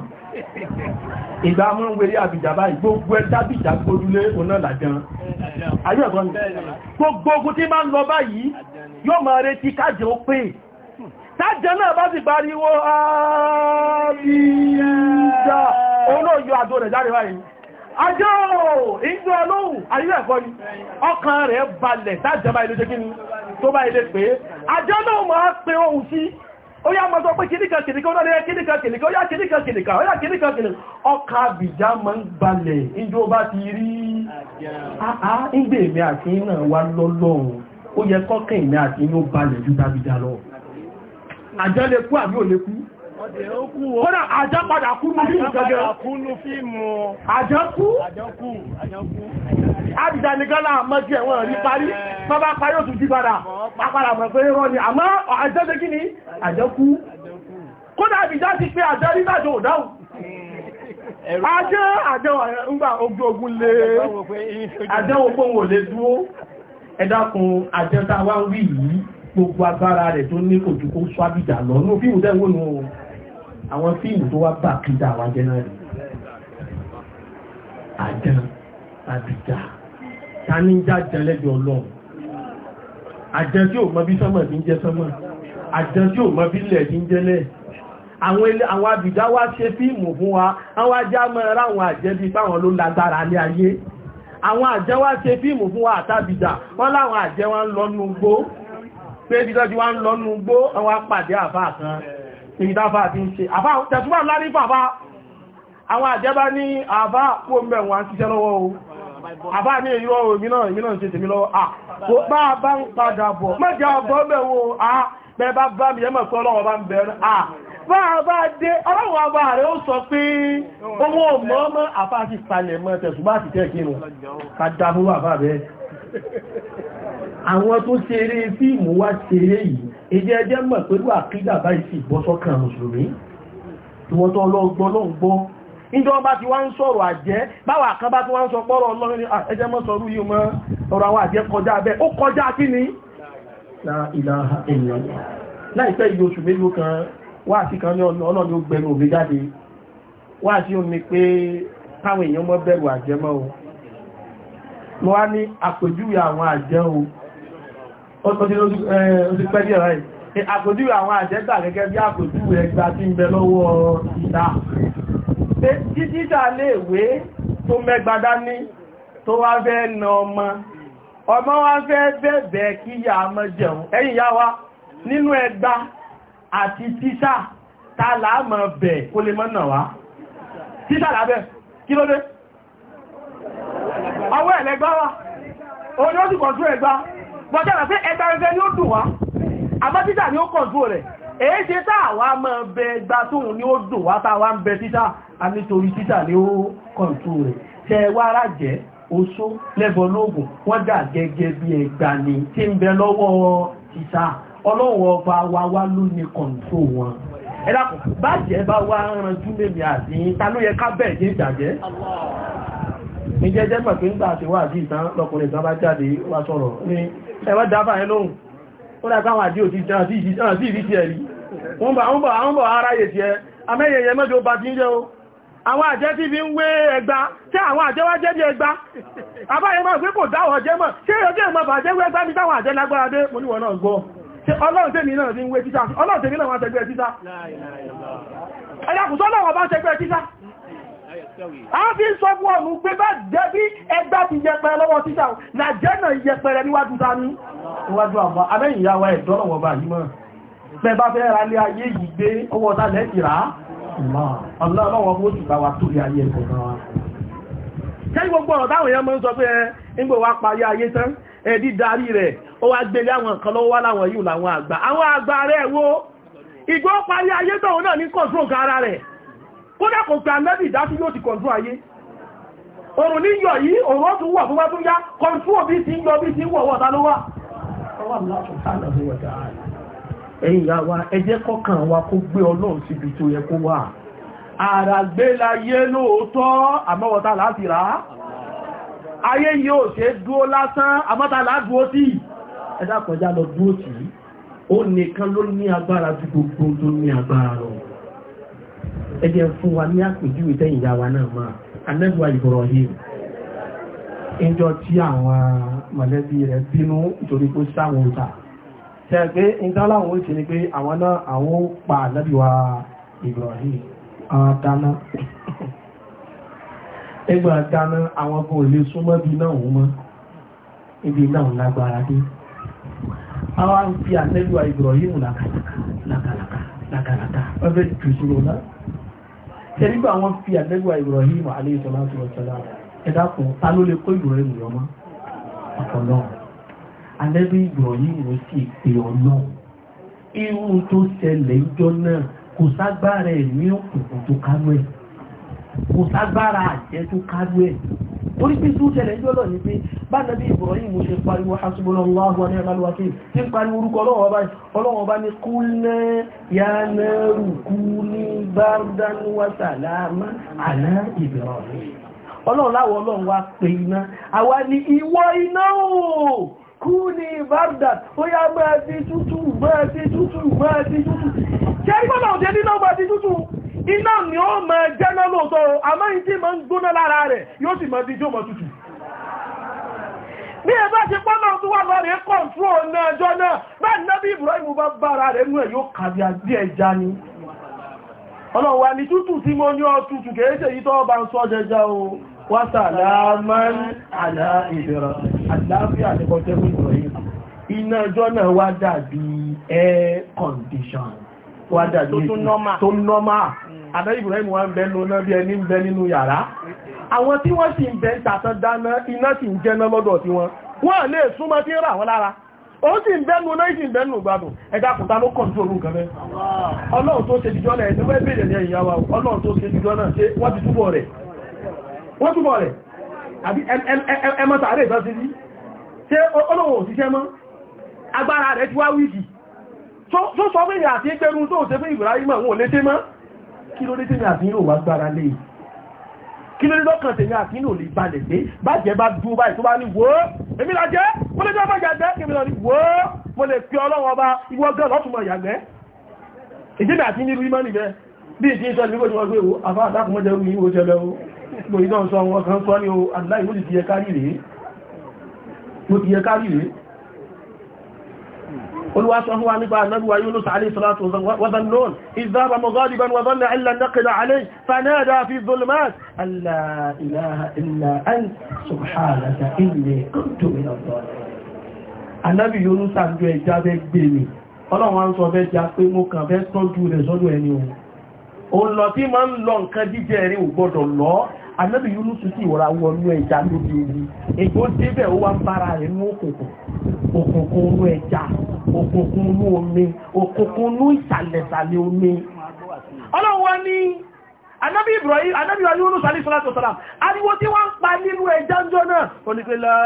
ìgbà mú abìjà báyìí gbogbo ẹ dábìjà gbójúlé òun náà làjẹun ayé ẹ̀kọ́ gbogbo ogun tí máa ń lọ báyìí yóò máa retí kájẹ ó tájẹ náà bá sì pariwo ààbíyà olóòyò àjò rẹ̀ jáde báyìí àjò ìjọ olóhùn àríwẹ̀ ẹ̀kọ́ ni ọkàn rẹ̀ balẹ̀ tájẹba ilé jẹ́ kíni tó bá ilé pé àjọ náà máa pe ohun sí ó yá mọ́ sọ pé kìníkan kìníkan ó lọ́rẹ́ kìníkan kìníkan ó yá kìníkan kìníkan ó yá kìníkan kìníkan ọkà àbìjá máa ń balẹ̀ ìjọ bá ti rí àá ń gbèmí àti náà wá lọ́lọ́run ó yẹ kọ́kàn ìmí àti yóò balẹ̀ àjá lè kú àbí ò lè kú kódà àjá padà kú ní fíìmù gẹ́gẹ́ àjá kú àdìdá nìkan láà mọ́ sí ẹ̀wọ̀n rí parí eh. bábá parí òtún jí padà pápára mọ̀ pé rọ́ ni àmọ́ àjá ṣe kí ni àjá kú kódà àdìdá ti pé àjá rí lájọ òdáhùn àjá àjá ńgbà ogun ogun lè àjá ogun wò lè dúó ẹ̀dàkùn àjẹta wá wí yìí gbogbo agbára rẹ̀ tó ní kò ju kó sọ àbíjà lọ nínú fíìmù tẹ́ wọ́n nù àwọn fíìmù tó wá bà kídà wá jẹ́ náà rẹ̀ àjàn àbíjà taníjà jẹ́ lẹ́gbẹ̀ẹ́ ọlọ́run àjàn tí ò mọ bí sánmọ̀ ti ń jẹ́ sánmọ̀ àjàn tí ò mọ bí ilẹ̀ ti ń jẹ́ lẹ̀ mọ́ bí fáwọn àwọn àjẹ́ wá ṣe fíìmù fún wa àtàbìdà wọ́n láwọn àjẹ́ wá ń lọ́nu gbó pé ibi tọ́jú wá ń lọ nú gbó àwọn apàdé àfáà kan ibi táfà ti ń ṣe àfáà tẹ̀sùmọ́ lárí fàfá àwọn àjẹ́bá ní àfáà kó mẹ́ wọn ṣiṣẹ́ lọ́wọ́ o àfáà ní èyí ọ̀rọ̀ èmi náà èmi náà ṣe tèmi lọ́wọ́ àkó bá bá ń padà bọ̀ mẹ́jọ bọ́ mẹ́wọ́ a bẹ́ bá bá mi yẹ́mọ̀ fún ọlọ́wọ́ bá ń bẹ̀rẹ̀ à bá bá dé ọlọ́wọ́ bá rẹ̀ ó sọ pé owó mọ́mọ́ àfáà ti palẹ̀ mọ́ tẹ̀sùmọ́ àti tẹ́kínú kàdàbúrú àfáà bẹ́ẹ̀ àwọn tó ṣeré fíìmù wá ṣeré yìí ẹjẹ́ ẹjẹ́ mọ̀ pẹ̀lú àkídà báyìí sì bọ́ sọ́kàn mùsùlùmí tí wọ́n tó ọlọ́gbọ́n lọ́n gbọ́ ìjọ bá ti wá ń sọ̀rọ̀ àjẹ́ báwà kan bá ti wá ń sọ pọ́rọ̀ ọlọ́rin ẹjẹ́ mọ́ sọ̀rọ̀ yìí mọ́ ọ̀rọ̀ àwọn ni láìpẹ́ ìlú oṣù mélòó kan wá sí kan ní ọlọ́ni ó gbẹnu mo wá ní àpèjúwe àwọn àjẹ́ o Àpòjúwé àwọn àjẹ́gbà gẹ́gẹ́ bí àpòjúwé ẹgbà tí ń bẹ lọ́wọ́ ìta. Títà lè wé tó mẹ́gbà dání tó wá fẹ́ na ọmọ. Ọmọ wá fẹ́ bẹ̀bẹ̀ kí yà mọ́ jẹun. Ẹ̀yìn yá wá nínú ẹgbà àti títà tààlà mọ̀ bẹ̀ kó lè mọ́ nà wá. Títà lábẹ́, kí ló dé? Ọwọ́ ẹ̀lẹ́gbà wá. Òun ni ó sì kọ̀ kọjá rẹ̀ pé ẹgbà rẹ̀ ni ó dùn wá àmọ́ títà ni ó kọ̀dú rẹ̀ èé ṣe táà wá mọ́ bẹ ẹgbà tóhun ni ó dùn wá táà wá ń bẹ títà a títà ni ó kọ̀dú rẹ̀ tẹ wá rájẹ́ oṣó lẹ́bọ̀lógún wọ́n dà gẹ́gẹ́ bí ẹgbà ni tí ń bẹ wa wá ló ní wọn jẹ́ ń gbà àti wà àti ẹwọ́ dáfà ẹ lóhun ó dá òtí jẹ́ àti ìdí ti ẹ̀rí wọ́n bá wọ́n bá wọ́n yẹ̀ ti amẹ́yẹyẹ mẹ́jọ bá ti ń jẹ́ o àwọn àjẹ́ tí fi ń wé ẹgbá tí àwọn àjẹ́ wá jẹ́ bí ẹgbá a fi sọ fún ọ̀nù pé bá jẹ́bí ẹgbá ti yẹpẹrẹ lọ́wọ́ títà na jẹ́nà yẹpẹrẹ níwájú ta ní níwájú àmọ́ abẹ́yìn ìyàwó ẹ̀dọ́ lọ́wọ́ bá yìí mọ́ pẹ bá fẹ́ ra lé ayé yìí gbé ọwọ́ ta lẹ́kì rá ọlọ́wọ́ bó ti bá wa tó rí ayé ẹ̀kọ́ náà ṣé gbogbo ọ̀rọ̀ táwọn èèyàn máa ń sọ pé nígbò wá parí ayé tán ẹ̀dí darí rẹ̀ ó wá gbélé àwọn nǹkan lọ́wọ́ wá láwọn yìí làwọn àgbà àwọn àgbà rẹ̀ wo ìgbó parí ayé tóun náà ní kọ̀ọ̀tún òkà ara rẹ̀ kódà kò pé anẹ́bì ìdásí yóò ti kọ̀ntró ayé oòrùn ní yọ yìí oòrùn ó tún wọ̀ fún wá tún yá kọ̀ntró bí ti yọ bí ti wọ̀ wọ̀ ta ló wà ẹ̀yìn ya wa ẹ jẹ́ kọ́kàn wa kó gbé ọlọ́run síbi tó yẹ kó wà ara gbé láyé lóòótọ́ àmọ́wọ̀ta láti rà á ayé yóò ṣe dúó lásán àmọ́ta láàdúó tí ẹ̀dàkọjá lọ dúó tí ó nìkan ló ní agbára ju gbogbo tó ní agbára rọ̀ ẹ jẹ́ fún wa ní àpèjúwe tẹ́yìn ìyá wa náà máa anẹ́gbà Ibrahim ìjọ tí àwọn mọ̀lẹ́bí rẹ̀ bínú nítorí pé sáwọn òta tẹ́ pé ìdáláwọn ó ti ní pé àwọn náà àwọn ó pa ànábì wa Ibrahim àdáná ẹgbẹ́ àdáná àwọn kò lè súnmọ́ bí náà wọ́n mọ́ ibi náà lágbára dé àwọn fi ànábì wa Ibrahim làkàlàkà làkàlàkà làkàlàkà wọ́n fẹ́ jù sí lọ́nà tẹ̀lígbà wọn fi àdẹ́gbà Ibrahim alayhi salatu wa salam ẹ̀dá kan ta ló lè kó Ibrahim lọ ọ̀pọ̀lọ́ àdẹ́gbà Ibrahim ló sì pé ọlọ́run irú tó ṣẹlẹ̀ ìjọ náà kò ságbára ẹ̀mí òkùnkùn tó kánú ẹ̀ kò ságbára àjẹ́ tó kárú ẹ̀ orí pí sún tẹ̀lẹ̀ jọ́lọ̀ ní pé bá nàbí Ibrahim mo ṣe pariwo hasbunallahu wa ni'mal wakeel tí ń pariwo orúkọ ọlọ́wọ́ bá ní qulna ya naru kuni bardan wa salama ala Ibrahim ọlọ́run láwọ̀ ọlọ́run wá pè iná àwa ni ìwọ iná ooo kú ní bárdà ó yá máa ti tútù máa ti tútù máa ti tútù ṣe rí bọ́lá òjẹ́ nínú máa ti tútù iná ni ó mọ jẹ́nà lóòtọ́ àmáyí tí ma ń gbóná lára rẹ̀ yóò sì mọ díjó mọ tútù ní ẹbá ti pọ́nà tó wà lọ rẹ̀ kọ̀ntró náà jọ náà bá nábí Ibrahim bá bára rẹ̀ mú ẹ̀ yóò kàbí àdí ẹja ni ọlọ́wà ní tútù tí mo ní ọ tútù kèéṣe yí tọ́ bá ń sọ jẹjá o wásàlámán àlá ìbẹ̀rẹ̀ iná ẹjọ́ náà wá dàbí air condition wá dàbí tó nọ́mà àdá Ibrahim wọ́n ń bẹ nínú náà bí ẹni ń bẹ nínú yàrá àwọn tí wọ́n sì ń bẹ tàtàn dáná iná sì ń jẹ́ná lọ́dọ̀ tí wọ́n wọ́n lè súnmọ́ tí ń rà wọ́n lára ó sì ń bẹ́nu náà sì ń bẹ́nu gbádùn ẹ̀dá kùtà ló kọ̀ǹtó orú nǹkan mẹ́ so tó ṣe jíjọ́ náà ẹ̀dẹ́gbẹ́ bèèrè ní ẹ̀yìn yàwó ọlọ́run tó ṣe jíjọ́ náà ṣe wọ́n ti túbọ̀ rẹ̀ wọ́n túbọ̀ rẹ̀ àbí ẹmọ́ta rẹ̀ ìtọ́ sí rí ṣe ọlọ́run òṣìṣẹ́ mọ́ agbára rẹ̀ ti wá wíìkì tó sọ fún ìyà àti ìgbẹ̀rún tó ṣe fún Ibrahim àwọn òlété mọ́ kí ló dé tèmi àfihàn wà gbára lé kí ló dé lọ́kàn tèmi àfihàn ò lè balẹ̀ pé bàjẹ́ bá dúró báyìí tó bá ní wò ó èmi là jẹ́ mo lè jẹ́ bàjẹ́ jẹ́ kèmi lọ ní wò ó mo lè fi ọlọ́wọ́ ọba ìwọ gan lọ́tùmọ̀ ìyàgbẹ́ ìdíbi àti nílùú imọ́ nìbẹ́ bí ìdí ìṣẹ́ ìlú gbogbo ẹgbẹ́ àbá àdákùnmọ́jẹ́ orí ìwò jẹ́ lẹ́wọ́ gbogbo ìdán sọ wọn kan sọ ní o aláìmọ́ ti yẹ kárí olúwa sọ fún wa nípa anábíwa yunus alaihissalatu wazannon izaba mọ̀gọ́dìban wazanna illa nakida alai fanada fi zulmat allah ilaha illa an subhanaka inni kuntu min adh-dhalimin anábí yunus àjọ ẹja bẹ́ gbé mi ọlọ́run a ń sọ fẹ́ já pé mo kàn fẹ́ tọ́jú rẹ̀ sọ́dọ̀ ẹni ohun òun lọ tí ma ń lọ nǹkan jíjẹ rí ò gbọ́dọ̀ lọ anábì yunus sì wọ́ra wọnú ẹja lóbi omi ègbó débẹ̀ ó wá ń bára rẹ̀ ní òkùnkùn òkùnkùn orú ẹja òkùnkùn inú omi òkùnkùn inú ìsàlẹ̀sàlẹ̀ omi ọlọ́wọ́ ní anábí Ibrahim anábí Yunus sallallahu salam ariwo tí wọ́n ń pa nínú ẹjánjọ́ náà onípe la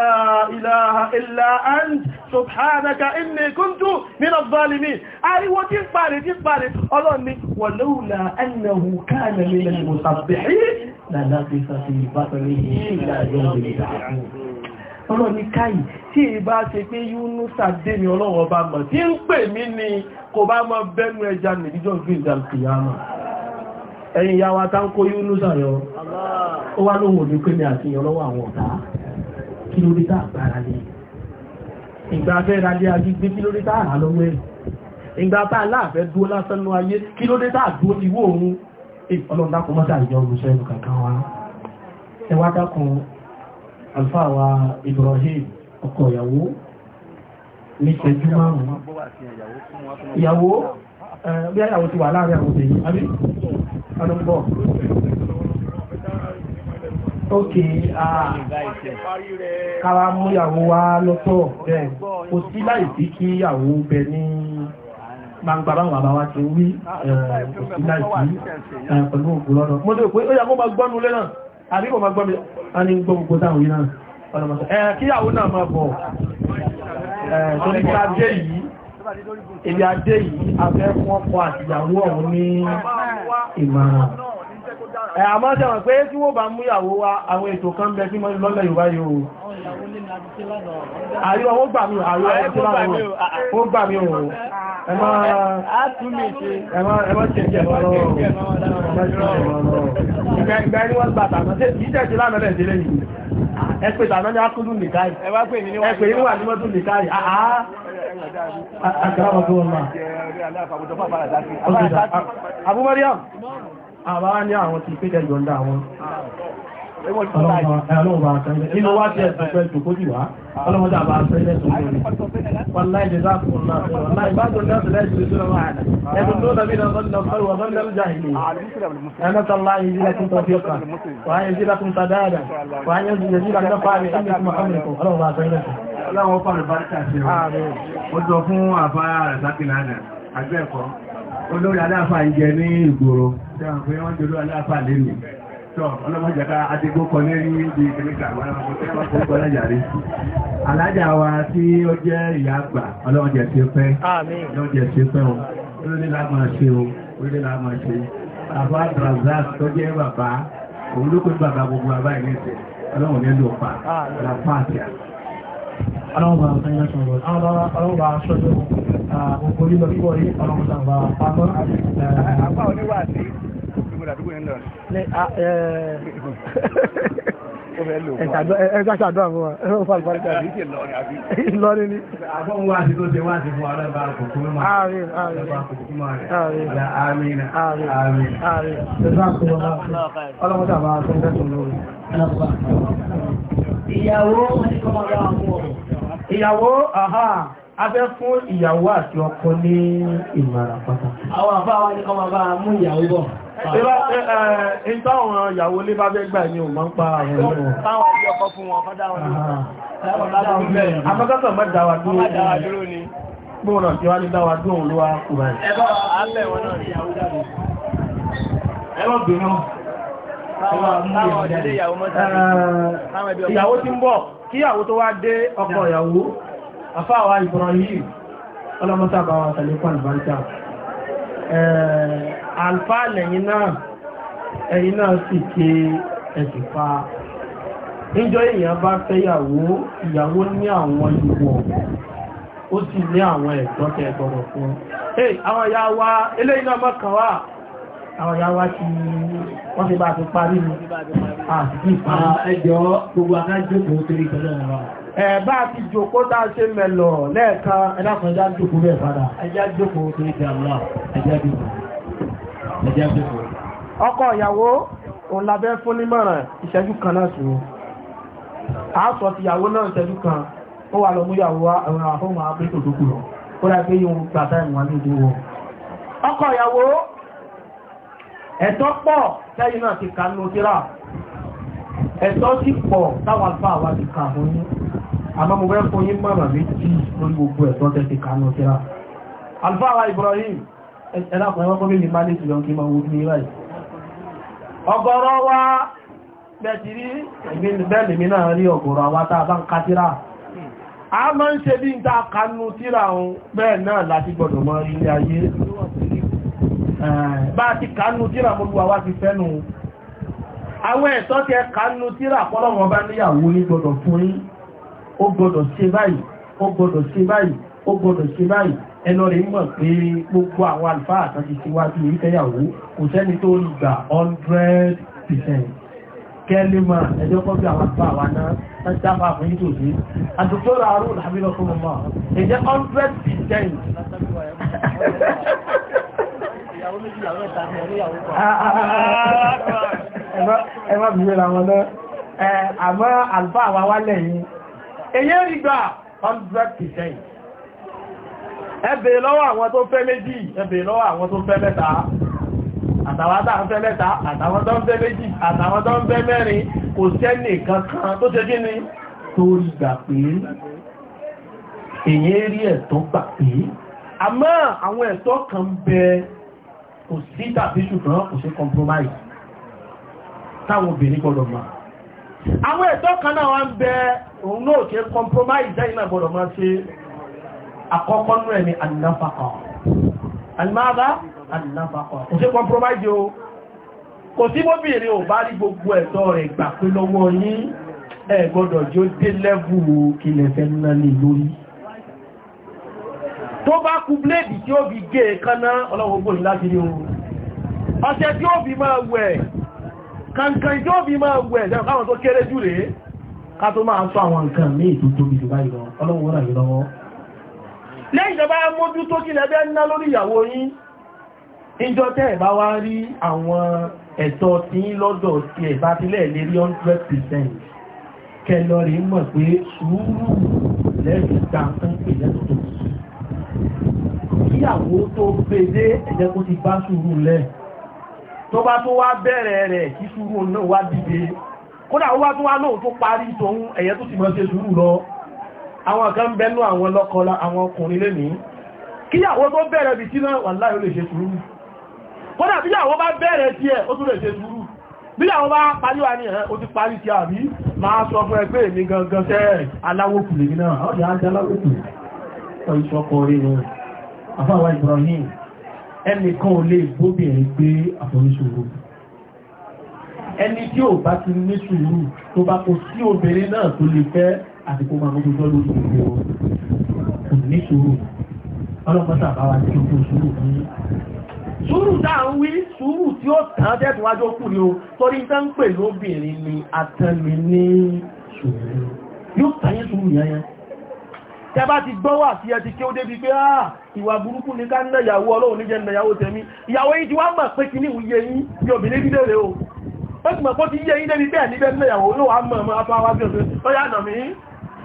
ilaha illa ant subhanaka inni kuntu minaz zalimin ariwo tí ń parí tí parí ọlọ́ni walaula annahu kana minal musabbihin la labisa fi batnihi ila yawmil ọlọ́run ní káyì tí èyí bá ṣe pé yúnúsà dé ni ọlọ́run ọba mọ̀ tí ń pè mí ni kò bá mọ bẹ́nu ẹja nìdíjọ́ gbígbà kìyàmà ẹ̀yìn ìyá wa tá ń kó yúnúsà yọ ó wá lóhùn òní pé mi àfihàn lọ́wọ́ àwọn ọ̀tá kí ló dé tá àgbára lé ìgbà fẹ́ ra lé agbègbè kí ló dé tá àrà lọ́wọ́ ẹ̀ ìgbà tá aláàfẹ́ dúó lásán ní ayé kí ló dé tá àdúó ti wó òun ọlọ́run kankan wa ẹ wá alfáwa Ibrahim ọkọ ìyàwó ní ṣẹ́jú márùn-ún ìyàwó bí àyàwó ti wà láàrin àwọn obìnrin àbí ọdúnbọ̀ ókè kára mú ìyàwó wá lọ́tọ̀ bẹ́ẹ̀ kò sí láì sí kí ìyàwó bẹ ní gbangba báwọn àbáwá ti wí kò sí láì sí pẹ̀lú òkú lọ́nà mo àríkò ma gbọ́mí a ní gbogbo dáhùn yìí náà ọ̀nàmọ̀sọ̀ ẹ̀ kíyàwó náà máa bọ̀ torípé adé yìí èdè adé yìí afẹ́ fún ọkọ àtìyàwó ọ̀hún ní ìmọ̀ràn ẹ̀ àmọ́ sẹ́wọ̀n pé tí wọ́n bá mú ìyàwó wa àwọn ètò kan bẹ sí mọ́ lọ́lẹ̀ Yorùbá yóò àríwọ̀ wọ́n gbà mí àríwọ̀ wọ́n gbà mí òun ẹmọ́ tẹ̀jẹ̀ mọ́ lọ́wọ́ ìgbà ẹni wọ́n gbà tàbí ìjẹ́jẹ́ lánàlẹ̀ ìdílé yìí ẹgbẹ́ ìtànà ní akúrú nìkáì ẹgbẹ́ ìníwà ní mọ́tún nìkáì àá àkàrà ọdún ọmọ Abu Mariam àbá ní àwọn ti péjẹ yọ̀ǹda àwọn ọlọ́mọba àtàlẹ́ inú wá jẹ́ ẹ̀sùn ìjòkó jìwá ọlọ́mọdé àbá àtàlẹ́ tó lórí wàláì lè dá fún náà wàláì bá jọ dáàtì láì ṣe sọ́rọ̀ àdá ẹ̀bùn tó dàbí náà sọ́dún náà sọ́rọ̀ wọ́n lẹ́rù jà ìlú ẹ̀nà tàlá yìí jílá tún tọ́jú ọkà wàá yẹ jílá tún tàdá àdá wàá yẹ jílá tún fàámi ẹ̀mí kúmọ̀ amẹ́kọ̀ ọlọ́mọba àtàlẹ́ tó ọlọ́wọ́ fàámi bá ń kà sí ọ olórí adáfà ìjẹ ní ìgboro Ṣẹ́wọ̀n pé wọ́n jòlú aláàfà lé mi. Tọ́ ọlọ́mọjàká adigun kan lé ní ibi ìpínlẹ̀ta àwọn ọmọ alájà wa tí ó jẹ́ ìyá àgbà ọlọ́mọjẹ̀ ṣe pẹ́. Ọlọ́mọjẹ̀ ṣe pẹ́ o. Orílẹ̀ la máa ṣe o. Orílẹ̀ la máa ṣe. Àbá Brazil tó jẹ́ bàbá. Òun ló pé bàbá gbogbo àbá ìlú ìsẹ̀. Ọlọ́run nílò pa. Ọlọ́pàá àti àgbà. ọlọ́mọba Ba sọ̀rọ̀ ọlọ́mọba Ba òkú lílọ bíbọ̀ yìí ọlọ́mọba àgbà pamọ́ àpá oníwà sí ìgbòdàdúgbò yẹn ẹ̀ka ṣàdúrà fún wa ẹ̀rọ fún àlùbáríkà rí ìlọrin ni. àbọ̀n wá sí tó ṣe wá sí fún wa lọ́ba àkókò mọ́ ààrẹ ààrẹ ààrẹ ààrẹ ààrẹ ààrẹ ọlọ́mọdé àbá tó ń tẹ̀sán lórí. ìyàwó ìyàwó àhá abẹ́ fún ìyàwó àti ọkọ ní ìmọ̀ràn pátá. àwọn àbá wa ní kọ́ máa bá a mú ìyàwó bọ̀. Ìtàwọn ìyàwó lé bá fẹ́ gbà ní òmọ́ ń pa àwọn ọmọ. Táwọn ìdí ọkọ fún wọn, kọ́ dáwọn lóòrùn. Àfẹ́kọ́sọ̀ mọ́ dáwà dúró ní. Gbóòrùn tí wá ní dáwà dúró ló wá kù báyìí. Ẹbọ́ alẹ́ wọn náà ìyàwó jáde. Ẹbọ́ bèèrè wọn. Táwọn ìdí ìyàwó mọ́ jáde. Ìyàwó ti ń bọ̀, kíyàwó tó wá dé ọkọ ìyàwó, àfáàwà Ibrahim, ọlọ́mọ́sàbáwà tàlẹ́kọ́ àlùbáríkà. alfa lẹ́yìn náà ẹ̀yìn náà sì ké ẹ̀sìn fa níjọ́ èèyàn bá fẹ́yàwó ìyàwó ní àwọn ìwọ̀ ó sì ní àwọn ẹ̀tọ́ tẹ́ fún àwọn ìyá wa wá àwọn wa ti wọ́n bá ti ah, gbogbo akájòkó torí pẹ̀lú ẹ̀rọ ẹ̀bá ti jòkó a ṣe mẹ́lọ̀ lẹ́ẹ̀kan ẹ̀dàkùn ẹjá jòkó rẹ̀ padà ẹjá jòkó ọkọ ìyàwó òun labẹ́ fún nímọ̀ràn ìṣẹ́jú kan náà sí àásọ ti ìyàwó náà ìṣẹ́jú kan ó wà lọ mú ìyàwó àwọn àfọ́mà abẹ́tò tó kù lọ ó rà pé yóò gbàtà ìwọ̀n ní ìdíwọ̀ ọkọ ìyàwó ẹ̀tọ́ pọ̀ tẹ́yìn náà ti kà ní òtíra ẹ̀tọ́ sì pọ̀ táwọn àlùfáà wa ti kà fún yín àmọ́ mo fẹ́ fún yín mọ̀ràn méjì lórí gbogbo ẹ̀tọ́ tẹ́ ti kà Ibrahim ẹ̀lápọ̀ ẹwọ́n kọ́bí mi má lè kí ma wo ní ìwáyìí wá bẹ̀tìrí náà rí ọgọ́rọ̀ àwọn tàà bá ń ká tíra a mọ́ ń ṣe bí n ta kanú tíra ohun bẹ́ẹ̀ náà láti gbọ́dọ̀ mọ́ ilé ayé bá ti kanú tíra mọ́ lúwa wá ti fẹ́nu àwọn ẹ̀tọ́ kanú tíra bá níyàwó ní gbọ́dọ̀ fún ó gbọ́dọ̀ ṣe báyìí ó gbọ́dọ̀ ṣe ó gbọdọ̀ ṣe báyìí ẹnu rẹ̀ mọ̀ pé gbogbo àwọn àlùfáà àtàn ti ṣíwájú ìfẹ́yàwó kò sẹ́ni tó lù gbà 100% kẹ́límà ẹjọ́ kọ́ bí àwọn àlùfáà wa náà ń dábà fún yìí tòṣe àtúntò rà arúgbó làbí lọ fún ọmọ ẹjẹ́ 100% ẹ má bí wéra wọn náà àmọ́ àlùfáà wa wálẹ̀ yìí èyí rí gbà 100% ẹ bèèrè lọ́wọ́ àwọn tó fẹ́ méjì ẹ bèèrè lọ́wọ́ àwọn tó fẹ́ mẹ́ta àtàwọn tó ń fẹ́ mẹ́ta àtàwọn tó ń fẹ́ méjì àtàwọn tó ń fẹ́ mẹ́rin kò sẹ́nì kankan tó ṣe kíni tó rí gbà pé èyí rí ẹ̀tọ́ gbà pé àmọ́ àwọn ẹ̀tọ́ kan bẹ kò sí tàbí ṣùgbọ́n kò sí compromise táwọn obìnrin gbọ́dọ̀ máa àwọn ẹ̀tọ́ kan náà wá ń bẹ òun náà kẹ́ compromise dẹ́yìn gbọ́dọ̀ máa ṣe àkọ́kọ́ nú ẹ̀ ní anáfàkọ̀ alimáàbá anáfàkọ̀ kò sí compromise o kò sí mọ́bìnrin ò bá rí gbogbo ẹ̀tọ́ rẹ̀ gbà pé lọ́wọ́ yín ẹ̀ gbọ́dọ̀ jí ó dé lẹ́bù kìlẹ̀fẹ́ náà lè lórí tó bá kú bléèdì tí ó fi gé kaná ọlọ́wọ́gbò láti rí ohun ọṣẹ tí ó fi máa wẹ̀ kankan tí ó fi máa wẹ̀ jẹ́ káwọn tó kéré jù rèé ká tó máa sọ àwọn nǹkan ní ètò tóbi jù báyìí lọ ọlọ́wọ́ ràn yìí lọ́wọ́ lẹ́yìn ìjọba mójú tó kí lẹ́bẹ́ ńná lórí ìyàwó yín ìjọ tẹ́ ẹ̀ bá wá rí àwọn ẹ̀tọ́ tí lọ́dọ̀ tí ẹ̀ bá tilẹ̀ lérí 100% kẹlọ rí mọ̀ pé sùúrù lẹ́yìn ìgbà fún ìpìlẹ̀ tó ìyàwó tó gbèdé ẹ̀jẹ̀ kó ti bá sùúrù lẹ̀ tó bá tó wá bẹ̀rẹ̀ rẹ̀ àwọn kan bẹnu àwọn lọ́kọlá àwọn ọkùnrin lẹ́nìí kíyàwó tó bẹ̀rẹ̀ bí tí náà wà láì ó lè ṣe sùúrù kódà bíyàwó bá bẹ̀rẹ̀ tí ẹ̀ ó tún lè ṣe sùúrù bíyàwó bá parí wà ní ẹ̀ ó ti parí ti àbí máa sọ fún ẹgbẹ́ mi gangan tẹ́ aláwòkùnlé ni àfáwà Ibrahim ẹnìkan ò lè bóbìnrin gbé àforíṣòro ẹni tí ò bá ti ní sùúrù tó bá àti kó máa mójútó lórí gbogbo kò ní sùúrù ọlọ́pàá sábà wà ní gbogbo sùúrù fún sùúrù tá à ń wí sùúrù tí ó tàn tẹ́tù wájú òkú ni o torí tá ń pè lóbìnrin ni atẹ́mi ní sùúrù yóò tàyẹ́ sùúrù yẹn yẹn tẹba ti gbọ́ wà sí ẹti kí ó débi pé àà ah, ìwà burúkú ní ká ń nẹ̀yàwó ọlọ́run ní jẹ́ nẹ̀yàwó tẹ̀mí ìyàwó yìí ti wá mọ̀ pé kí ní ìwúyẹ yìí yóò bí níbi lèrè o ó ti mọ̀ pé ó yẹ yìí débi bẹ́ẹ̀ níbẹ̀ nẹ̀yàwó ló mọ̀ mọ́ afọ́ awájú ọ̀sẹ̀ ó yà nà mí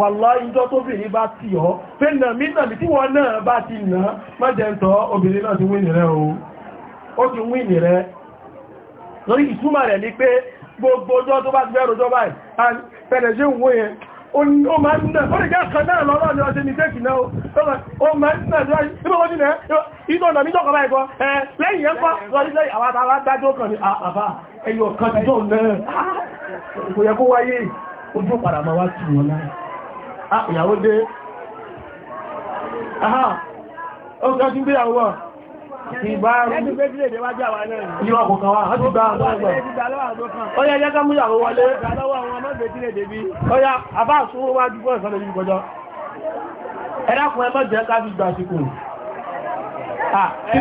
wàlá ìjọ tó bìnrin bá tì ọ́ pé nàmí nàmí tí wọ́n náà bá ti nà má jẹ́ntọ́ obìnrin náà ti wíìnì rẹ̀ o ó ti wíìnì rẹ̀ lórí ìtumà rẹ̀ ní pé gbogbo ọjọ́ tó bá ti bẹ́rọ ọjọ́ báyìí pẹ̀lẹ̀ṣẹ́ òwò yẹn ó máa ń nà ó lè jẹ́ kan náà lọ́rọ̀ ní ọdún ní tẹ́kì náà ó máa ń nà tó wáyé tí wọ́n jìnà ìtọ́ ọ̀nà mi tọ́kọ̀ báyìí kọ́ lẹ́yìn yẹn kọ́ lọ́rí lẹ́yìn àwọn àtàwà dájọ́ kan ní ah, àbá ẹyọ kan ti tó náà ah, kò yẹ kó wáyé ojú padà máa wá tù wọn náà Ah, ìyàwó dé aha ó sọ sí bí àwọ̀ ìgbà ìwà kọ̀kan wá láti gbá àwọn ẹgbẹ̀ ó yẹ ó yá àbá àsúnwó wájú fún ẹ̀sán jẹ́ ká fi gbà Ah, eh,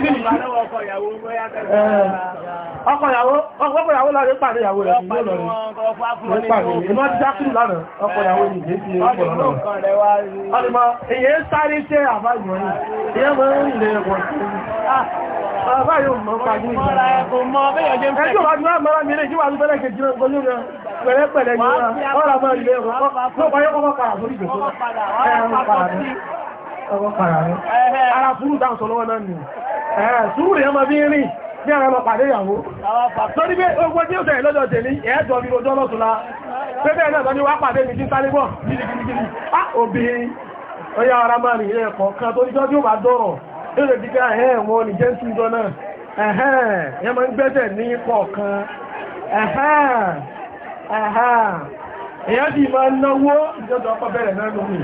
ọkọ̀yàwó lọ́rẹ́ pàdé ìyàwó rẹ̀ ní ọlọ́rẹ́. Ìmọ́ ah, ti dákùnù lánàá, ọkọ̀yàwó ní ìgbé sí ọkọ̀ lọ́rọ̀. Ọdìmọ̀, èyẹ sáré tẹ́ àbá ìyẹ́ mọ́ ìrìnlẹ̀ ẹ̀kọ́ ọwọ́ para rẹ̀ ara sùúrù dáhùn sọ lọ́wọ́ náà nì sùúrù rẹ̀ ọmọ bí ń rìn ara pàdé ìyàwó pé ogun tí ó lọ́jọ́ ẹ̀ẹ́jọ́ mi náà ní wá pàdé mi ah, tí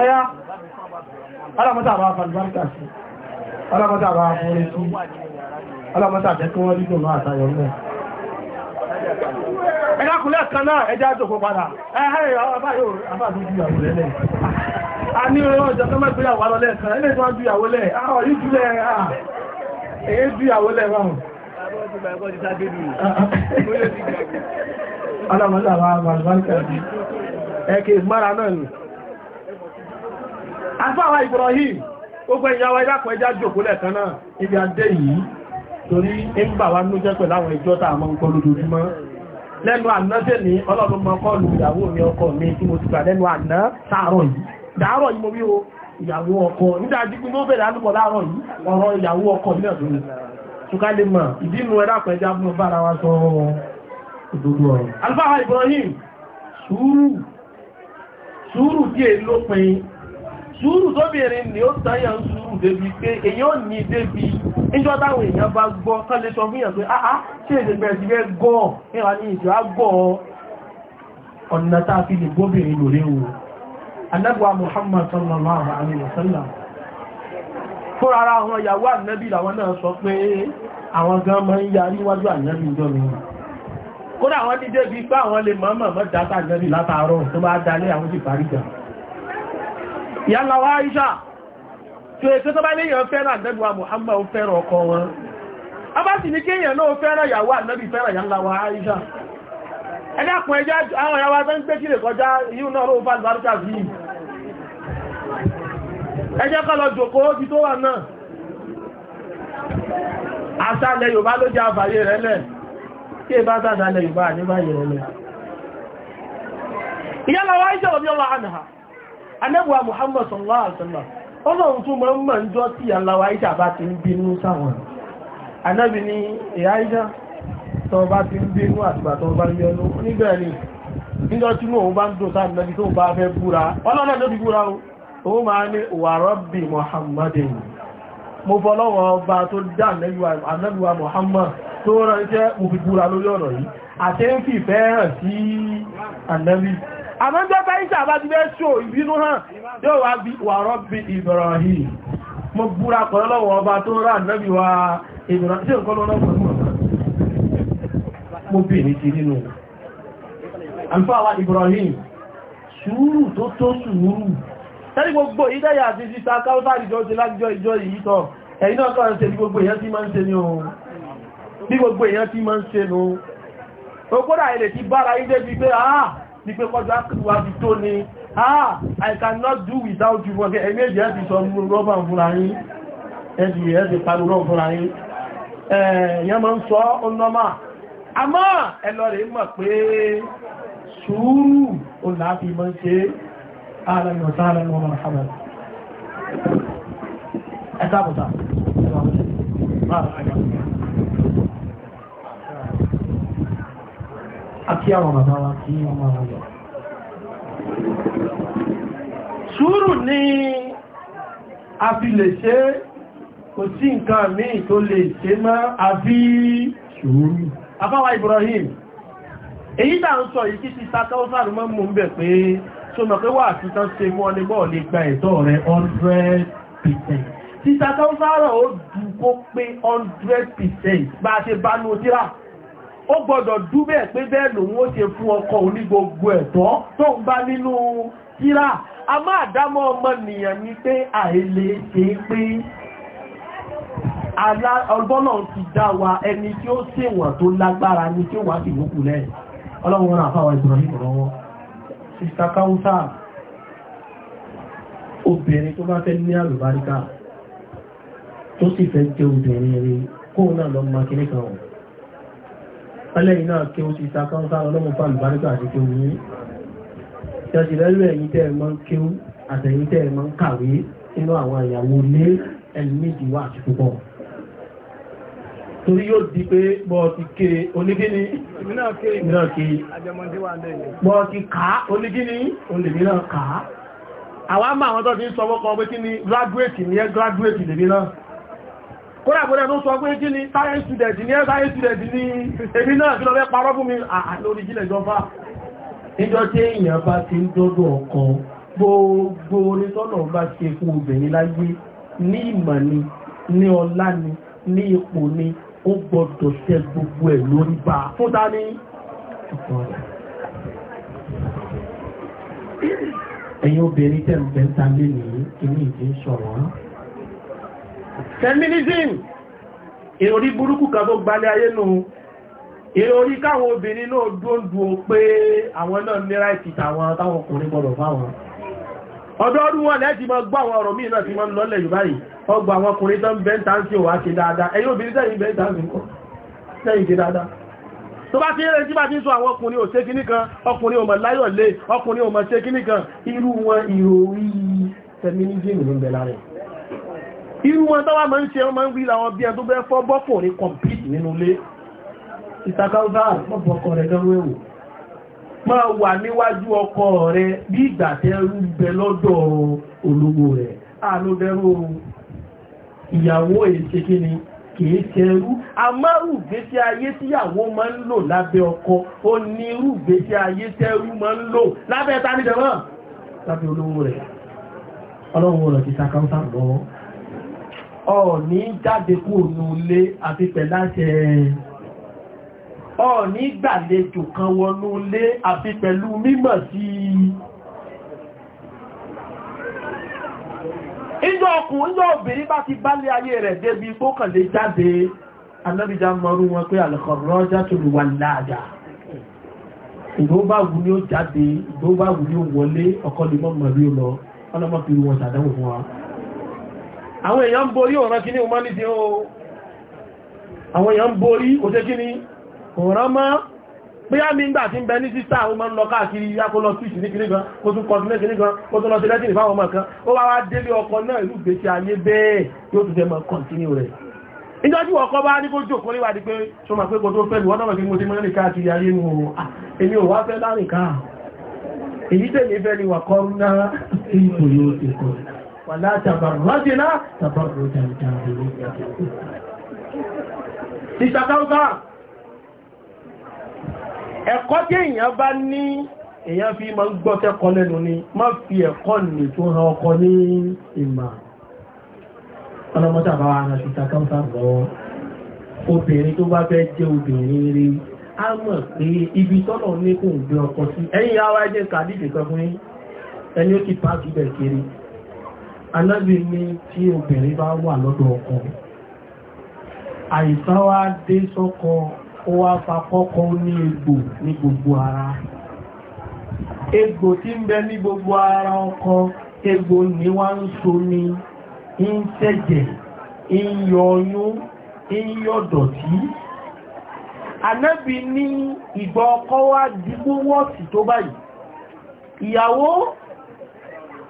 ọ̀yá alamọ́ta àwọn afẹ́lúbárítà sí alamọ́ta àwọn afẹ́lẹ́ sí alamọ́ta jẹ́ kí wọ́n rí dùn máa tayọ mẹ́ ẹ̀dàkùnlẹ̀ kan náà ẹjá jòkó padà ẹ̀hẹ́ Alamọ́ta àwọn àbàlùbáríkà ẹ̀kẹ́ ìgbára náà ni àfáwà Ibrahim gbogbo ìyàwó ìdákan ẹjá jòkó lẹ́ẹ̀kan náà ibi àdé yìí torí ń bà wá nújẹ́ pẹ̀lú àwọn ìjọ tàà mọ́ ń kọ́ lójoojúmọ́ lẹ́nu àná tẹ́ ní ọlọ́run mọ́ kọ́ọ̀lù ìyàwó mi ọkọ mi tí mo ti gbà lẹ́nu àná sáàrọ̀ yìí dáàrọ̀ yìí mo rí o ìyàwó ọkọ nídájí pé mo bẹ̀rẹ̀ wa Ibrahim sùúrù sùúrù tí èlópin sùúrù tóbìnrin ni ó sáyà ń sùúrù débi pé èyàn ní débi níjọ́ táwọn èèyàn bá gbọ́ tọ́lẹ̀ sọ fún yàn pé áá ṣe èdè bẹ̀rẹ̀ sí fẹ́ gọ́ ẹwà ní ìjọ àgọ́ ọ̀nà Muhammad sallallahu alaihi wasallam fún ara àwọn ìyàwó ànábì làwọn náà sọ pé àwọn gan máa ń yarí wájú ànábì ìjọ mi kódà àwọn dídé bíi pé àwọn lè mọ́mọ́ mọ́ dáta látàárọ̀ tó bá dalẹ̀ àwọn sì parí yàlá wá Aisha tó èkó tó bá léyàn fẹ́ràn àdẹ́gbà Muhammad ó fẹ́ràn ọkọ wọn a bá sì ní kí èyàn náà fẹ́ràn yàwó ànábì fẹ́ràn yàlá Aisha ẹgbẹ́kùn ẹjá àwọn ìyàwó tó ń kọjá yíò náà ẹjẹ́ kọ́ lọ jòkó tó wà náà Yorùbá ló jẹ́ rẹ̀ lẹ̀ kí bá Yorùbá rẹ̀ lẹ̀ anẹ́bùwà Muhammad sallallahu alaihi wasallam ọlọ́run tún mọ́ mọ́ jọ tí aláwọ̀ Aisha bá ti ń bínú sáwọn ni ìyá Aisha tó bá ti ń bínú àtìgbà tó bá ni tí bá ń sáà nẹ́bí tó bá fẹ́ búra ọlọ́run ó máa ní Muhammadin mo tó Muhammad tó iṣẹ́ mo fi búra lórí ọ̀rọ̀ yìí àti ń àmọ́jọ́ táyíṣà bá ti bẹ́ ṣò ìbínú hàn yóò wá bí wàrọ́ bí Ibrahim mo búra pẹ̀lú lọ́wọ́ ọba tó rà nẹ́bí wa Ibrahim tí nǹkan lọ́nà pẹ̀lú ọ̀nà mo bè ní ti nínú àlùfáà Ibrahim sùúrù tó tó sùúrù tẹ́lí gbogbo ìdáyà àti sísa káwọ́tàrí jọ ti lájọ ìjọ yìí tọ̀ ẹ̀yìn náà kọ́ ṣe bí gbogbo èèyàn ti máa ń ṣe ní ohun bí gbogbo èèyàn ti máa ń ṣe nù ó kódà ilẹ̀ ti bára ilé bí pé àà pé kọjọ́ àkíwájú tó ni ah i cannot do without you forget ẹ̀mí èjì ẹ̀sì sọ rọ́bà fúnra yín ẹ̀sì ẹ̀sì parí rọ́bà fúnra yín ẹ̀yàn máa ń sọ ọlọ́mà àmọ́ ẹlọ́rẹ̀ mọ̀ pé sùúrù o láti mọ́ ṣe ààrẹ àti àwọn bàbá wa tí wọ́n máa wà lọ. Sùúrù ni a fi lè ṣe kò sí nǹkan míì tó lè ṣe mọ́ a fi sùúrù. Afáwa Ibrahim, èyí tà ń sọ ìkí ti sáká ó 100% sáàrọ̀ ó dùn kó pé 100% bá ṣe bá ní òtíra ó gbọ́dọ̀ dúbẹ̀ pé bẹ́ẹ̀ lòun ó ṣe fún ọkọ ní gbogbo ẹ̀tọ́ tó ń bá nínú kíra a máa dámọ́ ọmọnìyàn ni pé àìlè ṣe pé ọgbọ́nà ti dá wa ẹni tí ó ṣèwọ̀n tó lágbára ni tí ó wà sí ìlúkù lẹ́yìn ọlọ́run rán àfáwà ìbùrọ̀ nígbà lọ́wọ́ sista káúntà obìnrin tó bá fẹ́ ní àlùbáríkà tó sì fẹ́ jẹ́ obìnrin rí kóun náà lọ máa kiri kan wọ̀n ọlẹ́yìn náà kí ó ti takáńká ọlọ́mọ fà lùbáríkà àti kí ó ní ṣọ́sìlẹ́lú ẹ̀yìn tẹ́ ẹ̀mọ́ kí ó àtẹ̀yìn tẹ́ ẹ̀mọ́ kàwé nínú àwọn àyàwó lé ẹni méjì wà àti púpọ̀ torí yóò di pé bọ́ ti ké onígíní mìíràn ké bọ́ ti ká onígíní olèmíràn ká àwọn àmà àwọn tó kódà bọ́dẹ̀ tó sọ pé kí ni science student ní ẹ́ science student ní èmi náà kí lọ fẹ́ parọ́ fún mi lórí jílẹ̀ ìjọba níjọ́ tí èèyàn bá ti ń dọ́dọ̀ ọkàn gbogbo onítọ́nà bá ṣe fún obìnrin láyé ní ìmọ̀ ni ní ọlá ni ní ipò ni ó gbọ́dọ̀ ṣe gbogbo ẹ̀ lórí bá fún ta ní ẹ̀yin obìnrin tẹ̀ ń bẹ́ńtà lé nìyí feminism ìròrí burúkú kan tó gbalẹ̀ ayé nù ìròrí káwọn obìnrin náà dúndùn pé àwọn náà ní ráìtì tàwọn táwọn ọkùnrin gbọdọ̀ fáwọn ọdọ́rún wọn lẹ́ẹ̀tì mọ́ gbọ́ àwọn ọ̀rọ̀ míì náà ti mọ́ lọ́lẹ̀ Yorùbá yìí ọgbà àwọn ọkùnrin tán bẹ́ntàntì ò wá ṣe dáadáa ẹ̀yin obìnrin tẹ́yìn bẹ́ntàntì kọ́ tẹ́yìn ṣe dáadáa tó bá ti rẹ̀ tí bá ti ń sọ àwọn ọkùnrin ò ṣe kíní kan ọkùnrin ò mọ̀ láyọ̀ lé ọkùnrin ò mọ̀ ṣe kíní kan irú wọn ìròrí feminism ló ń bẹ lára irú wọn tọ́wà máa ń ṣe ọmọ ń wí làwọn bí ẹ tó bẹ́ fọ́ bọ́pọ̀ ní kọ̀mpìtì nínú ilé ìtàkàwà ọ̀pọ̀kọ̀ rẹ̀ gẹ́rù ẹ̀wò máa wà níwájú ọkọ rẹ̀ bí ìgbà tẹ́rù bẹ lọ́dọ̀ olówó rẹ̀ àlóbẹ̀rù ìyàwó èṣe kí ni kìí ṣẹrú ọ̀ní jáde kú ònú ilé àti pẹ̀láṣẹ ọ̀ní gbàlejò kan wọnú ilé àti pẹ̀lú mímọ̀ sí ìjọ ọkùn ìjọ obìnrin bá ti bá lé ayé rẹ̀ débi gbókànlé jáde anábìjá mọ́rú wọn pé àlùkọ̀rọ̀ játòlù wà láàdá ìgbóbáwù ni ó jáde ìgbóbáwù ni ó wọlé ọkọ̀ lè ó lọ ọlọ́mọ́ fi wọn sàdánwò fún wa àwọn èèyàn ń borí ọ̀ràn kí ní humanity o àwọn èèyàn ń borí òṣè kí ní ọ̀ràn mọ́ pé á mi ń gbà tí ń bẹ ní sísá àwọn ọmọ ń lọ káàkiri akọ́lọ switch ní kìnnì kan kó tún kọtún lẹ́sìn nìkan kó tún lọ sí lẹ́sìn ìfáwọn ọmọ kan ó wá wá délé ọkọ náà ìlú gbèsè ayé bẹ́ẹ̀ yóò tún fẹ́ mọ́ continue rẹ̀ ìjọjú ọkọ bá ní kó jòkó níwà di pé ṣo ma pé kò tó fẹ́lú wọ́n náà mo ti mọ́ ní káàkiri wàlá tàbàrọ́jìnà tàbàrọ́jìnà ìṣàkáwọ́bá ẹ̀kọ́ tí èyàn bá ní èyàn fi ma ń gbọ́kẹ́kọ́ lẹ́nu ni má fi ẹ̀kọ́ nì tó ran ọkọ ní ìmà ọlọ́mọ́ta bá wà náà ìṣàkáwọ́bá lọ obìnrin tó bá fẹ́ jẹ́ obìnrin rí a mọ̀ pé ibi tọ́lọ̀ ní kò ń gbé ọkọ sí ẹ̀yìn yáwá ẹjẹ́ kàdíjẹ̀ kan anábì ní tí obìnrin bá wà lọ́dọ̀ ọkọ àìsàn wá dé sọ́kọ ó wá fa kọ́kọ́ ní egbò ní gbogbo ara egbò tí ń bẹ ní gbogbo ara ọkọ egbò ní wá ń so ni ń tẹ̀jẹ̀ ń yọ ọyún ń yọ dọ̀tí anábì ní ìgbà ọkọ wá dìgbówọ́ọ̀tì tó báyìí ìyàwó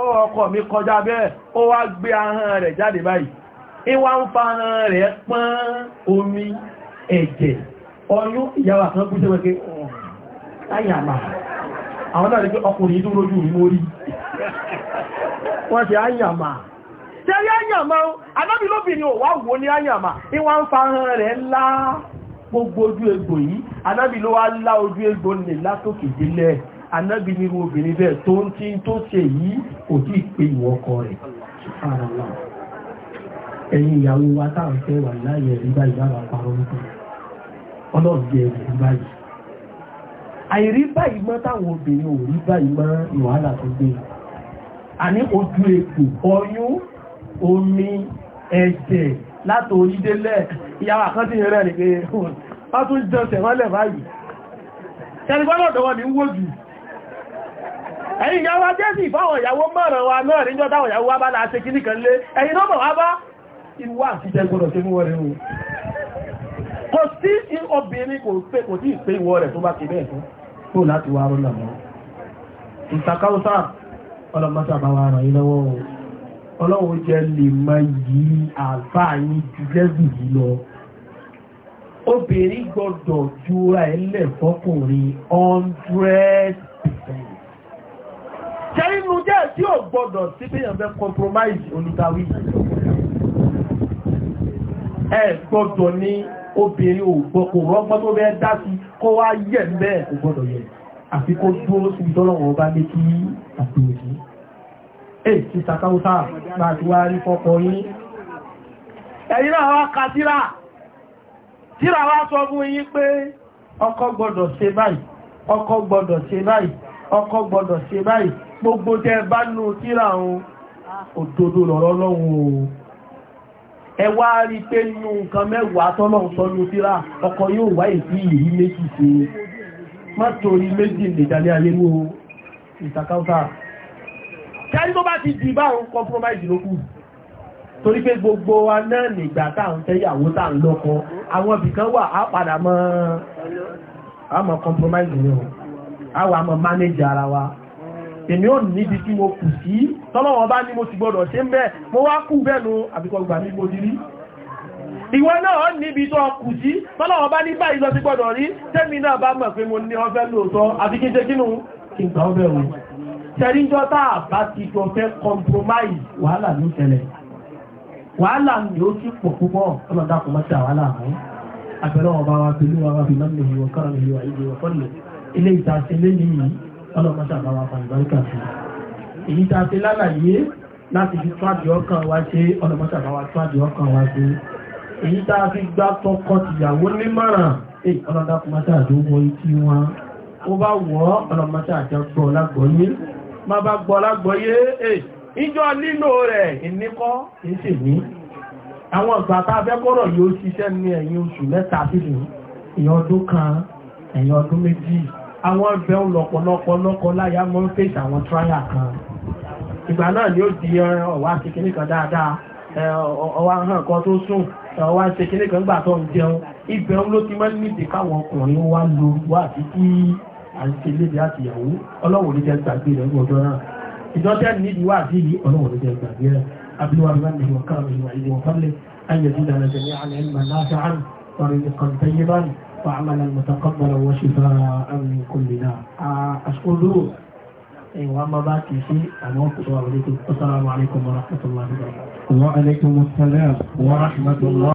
ọwọ́ ọkọ̀ mi kọjá bẹ́ẹ̀ ó wá gbé ahọ́n rẹ̀ jáde báyìí ìwá ń fa ahọ́n rẹ̀ pọ́n omi ẹ̀jẹ̀ ọyún ìyàwó kan kú sẹ́wẹ́ pé ayàmà àwọn náà rí pé ọkùnrin tó rójú rí mórí wọ́n ṣe ayàmà ṣe rí ayàmà anábì lóbìnrin ò wá wò ní ayàmà ìwá ń fa rẹ̀ ńlá gbogbo ojú egbò yìí anábì ló ojú egbò nílá tó kìí anábì ní obìnrin bẹ́ẹ̀ tó ń tí tó ṣe yìí kò tí pé ìwọ ọkọ rẹ̀ ẹ̀yin ìyàwó wa táwọn fẹ́ wà láyé ẹ̀rí báyìí bá bàbá parọ́ nípa ọlọ́run jẹ́ ẹ̀rí báyìí àìrí báyìí mọ́ táwọn obìnrin ò rí báyìí mọ́ ìwàhálà tó gbé àní ojú ètò ọyún omi ẹ̀jẹ̀ láti orídélẹ̀ ìyàwó jẹ́ ọ̀sẹ̀ wọ́n lẹ̀ báyìí tẹ́lifọ́nà ọ̀dọ́wọ́ ni ń wò jù eyi ìyàwó jẹ́sì fáwọn ìyàwó mọ́ràn wa náà ríjọ́ táwọn ìyàwó wá bá láà ṣe kan lé ẹ̀yin náà wà bá ìwà àtijẹ́ gbọ́dọ̀ tí wọ́n kò sí obìnrin kò tí ì ìwọ rẹ̀ tó bá ti bẹ́ẹ̀ fún obìnrin jura ẹlẹ́fọ́kùnrin 100% ṣe inú jẹ́ tí ò gbọdọ̀ sí bí èèyàn fẹ́ compromise olùdarí ẹ gbọdọ̀ ní obìnrin ò gbọ́ kò rọ́gbọ́n tó bẹ́ẹ̀ dá sí kó wá yẹ̀ bẹ́ẹ̀ kò gbọdọ̀ yẹ̀ àfi kó dúró sí ìtọ́lọ̀wọ̀n ọba lé kí àpèrè yìí èyí ti sàkáwọ́sá máa ti wá rí fọ́kọ gbọdọ̀ ṣe báyìí ọkọ gbọ́dọ̀ ṣe báyìí gbogbo tẹ́ bá nù tíra ohun òdodo lọ̀rọ̀ lọ́hun o ẹ wá rí pé nínú nǹkan mẹ́wàá tọ́lọ́hun sọ nù tíra ọkọ yóò wá ìdí èyí méjì ṣe má torí méjì nìdálẹ́ ayé mú ìtàkáwùtà kẹ́ni tó bá ti di bá òun compromise ló torí pé gbogbo wa náà nígbà táà ń tẹ́yàwó táà ń lọ́kọ àwọn ibìkan wà á padà mọ́ compromise ni o àwọn àmọ́ mánéjì ara wa èmi ò níbi tí mo kù sí tọ́lọ́wọ́ bá ní mo ti gbọ́dọ̀ ṣe ń bẹ́ mo wá kú bẹ́nu àbíkọ́ gbà ní mo dirí ìwọ náà níbi tó kù sí tọ́lọ́wọ́ bá ní báyìí lọ sí gbọ́dọ̀ rí tẹ́mi náà bá mọ̀ pé mo ní ọfẹ́ lóòótọ́ àbí kí n ṣe kínú kí n gbà ọbẹ̀ wò tẹ́ríjọ́ táà bá ti jọ fẹ́ compromise wàhálà ló ṣẹlẹ̀ wàhálà ni ó sì pọ̀ púpọ̀ ọlọ́dà kò mọ́ sí àwàhálà àwọn àbẹ̀rẹ̀ ọba wa pẹ̀lú wa ilé ìtàṣe lẹ́yìn yìí ọlọ́mọṣà bá wa fàyè báríkà sí èyí tá a ṣe lálàyé láti fi tọ́jú ọkàn wa ṣe ọlọ́mọṣà bá wa tọ́jú ọkàn wa ṣe èyí tá a fi gbá tọkọ tìyàwó nímọ̀ràn eh, ọlọ́dàkùnmọ́ṣà àdúgbò etí wọn ó bá wọ́ ọlọ́mọṣà àjọgbọ́ lágbọ́yé má bá gbọ́ lágbọ́yé eh, ìjọ lílò rẹ̀ ìníkọ́ ìṣèlú àwọn ìgbà tá a fẹ́ kọ́rọ̀ ní ẹ̀yìn oṣù ẹ̀yìn ọdún méjì àwọn ẹgbẹ́ lọ̀pọ̀lọpọ̀ lọ́kọ láyà mọ́ fèsì àwọn tíráyà kan ìgbà náà ni ó di ọwá ṣe kíní kan dáadáa ọwá hàn kan tó sùn ọwá ṣe kíní kan gbà tó ń jẹun ibẹ̀ ló ti máa ń nídìí káwọn ọkùnrin wá lo wá àti kí à ń ṣe lébi àti ìyàwó ọlọ́wọ̀n oníjẹ gbàgbé rẹ̀ gbọ́dọ̀ náà ìjọ́tẹ́ nídìí wá àti ìyí ọlọ́wọ̀n oníjẹ gbàgbé rẹ̀ abdul rahman ni wọ́n kàwé ìwà ìwọ̀n fọ́lẹ̀ ayẹ̀dúdà lẹ́jẹ̀ ní àlẹ́ ìmọ̀ náà وعملا متقبلا وشفاء من كل داء أشكره وأما بعد شيء السلام عليكم ورحمة الله وبركاته وعليكم السلام ورحمة الله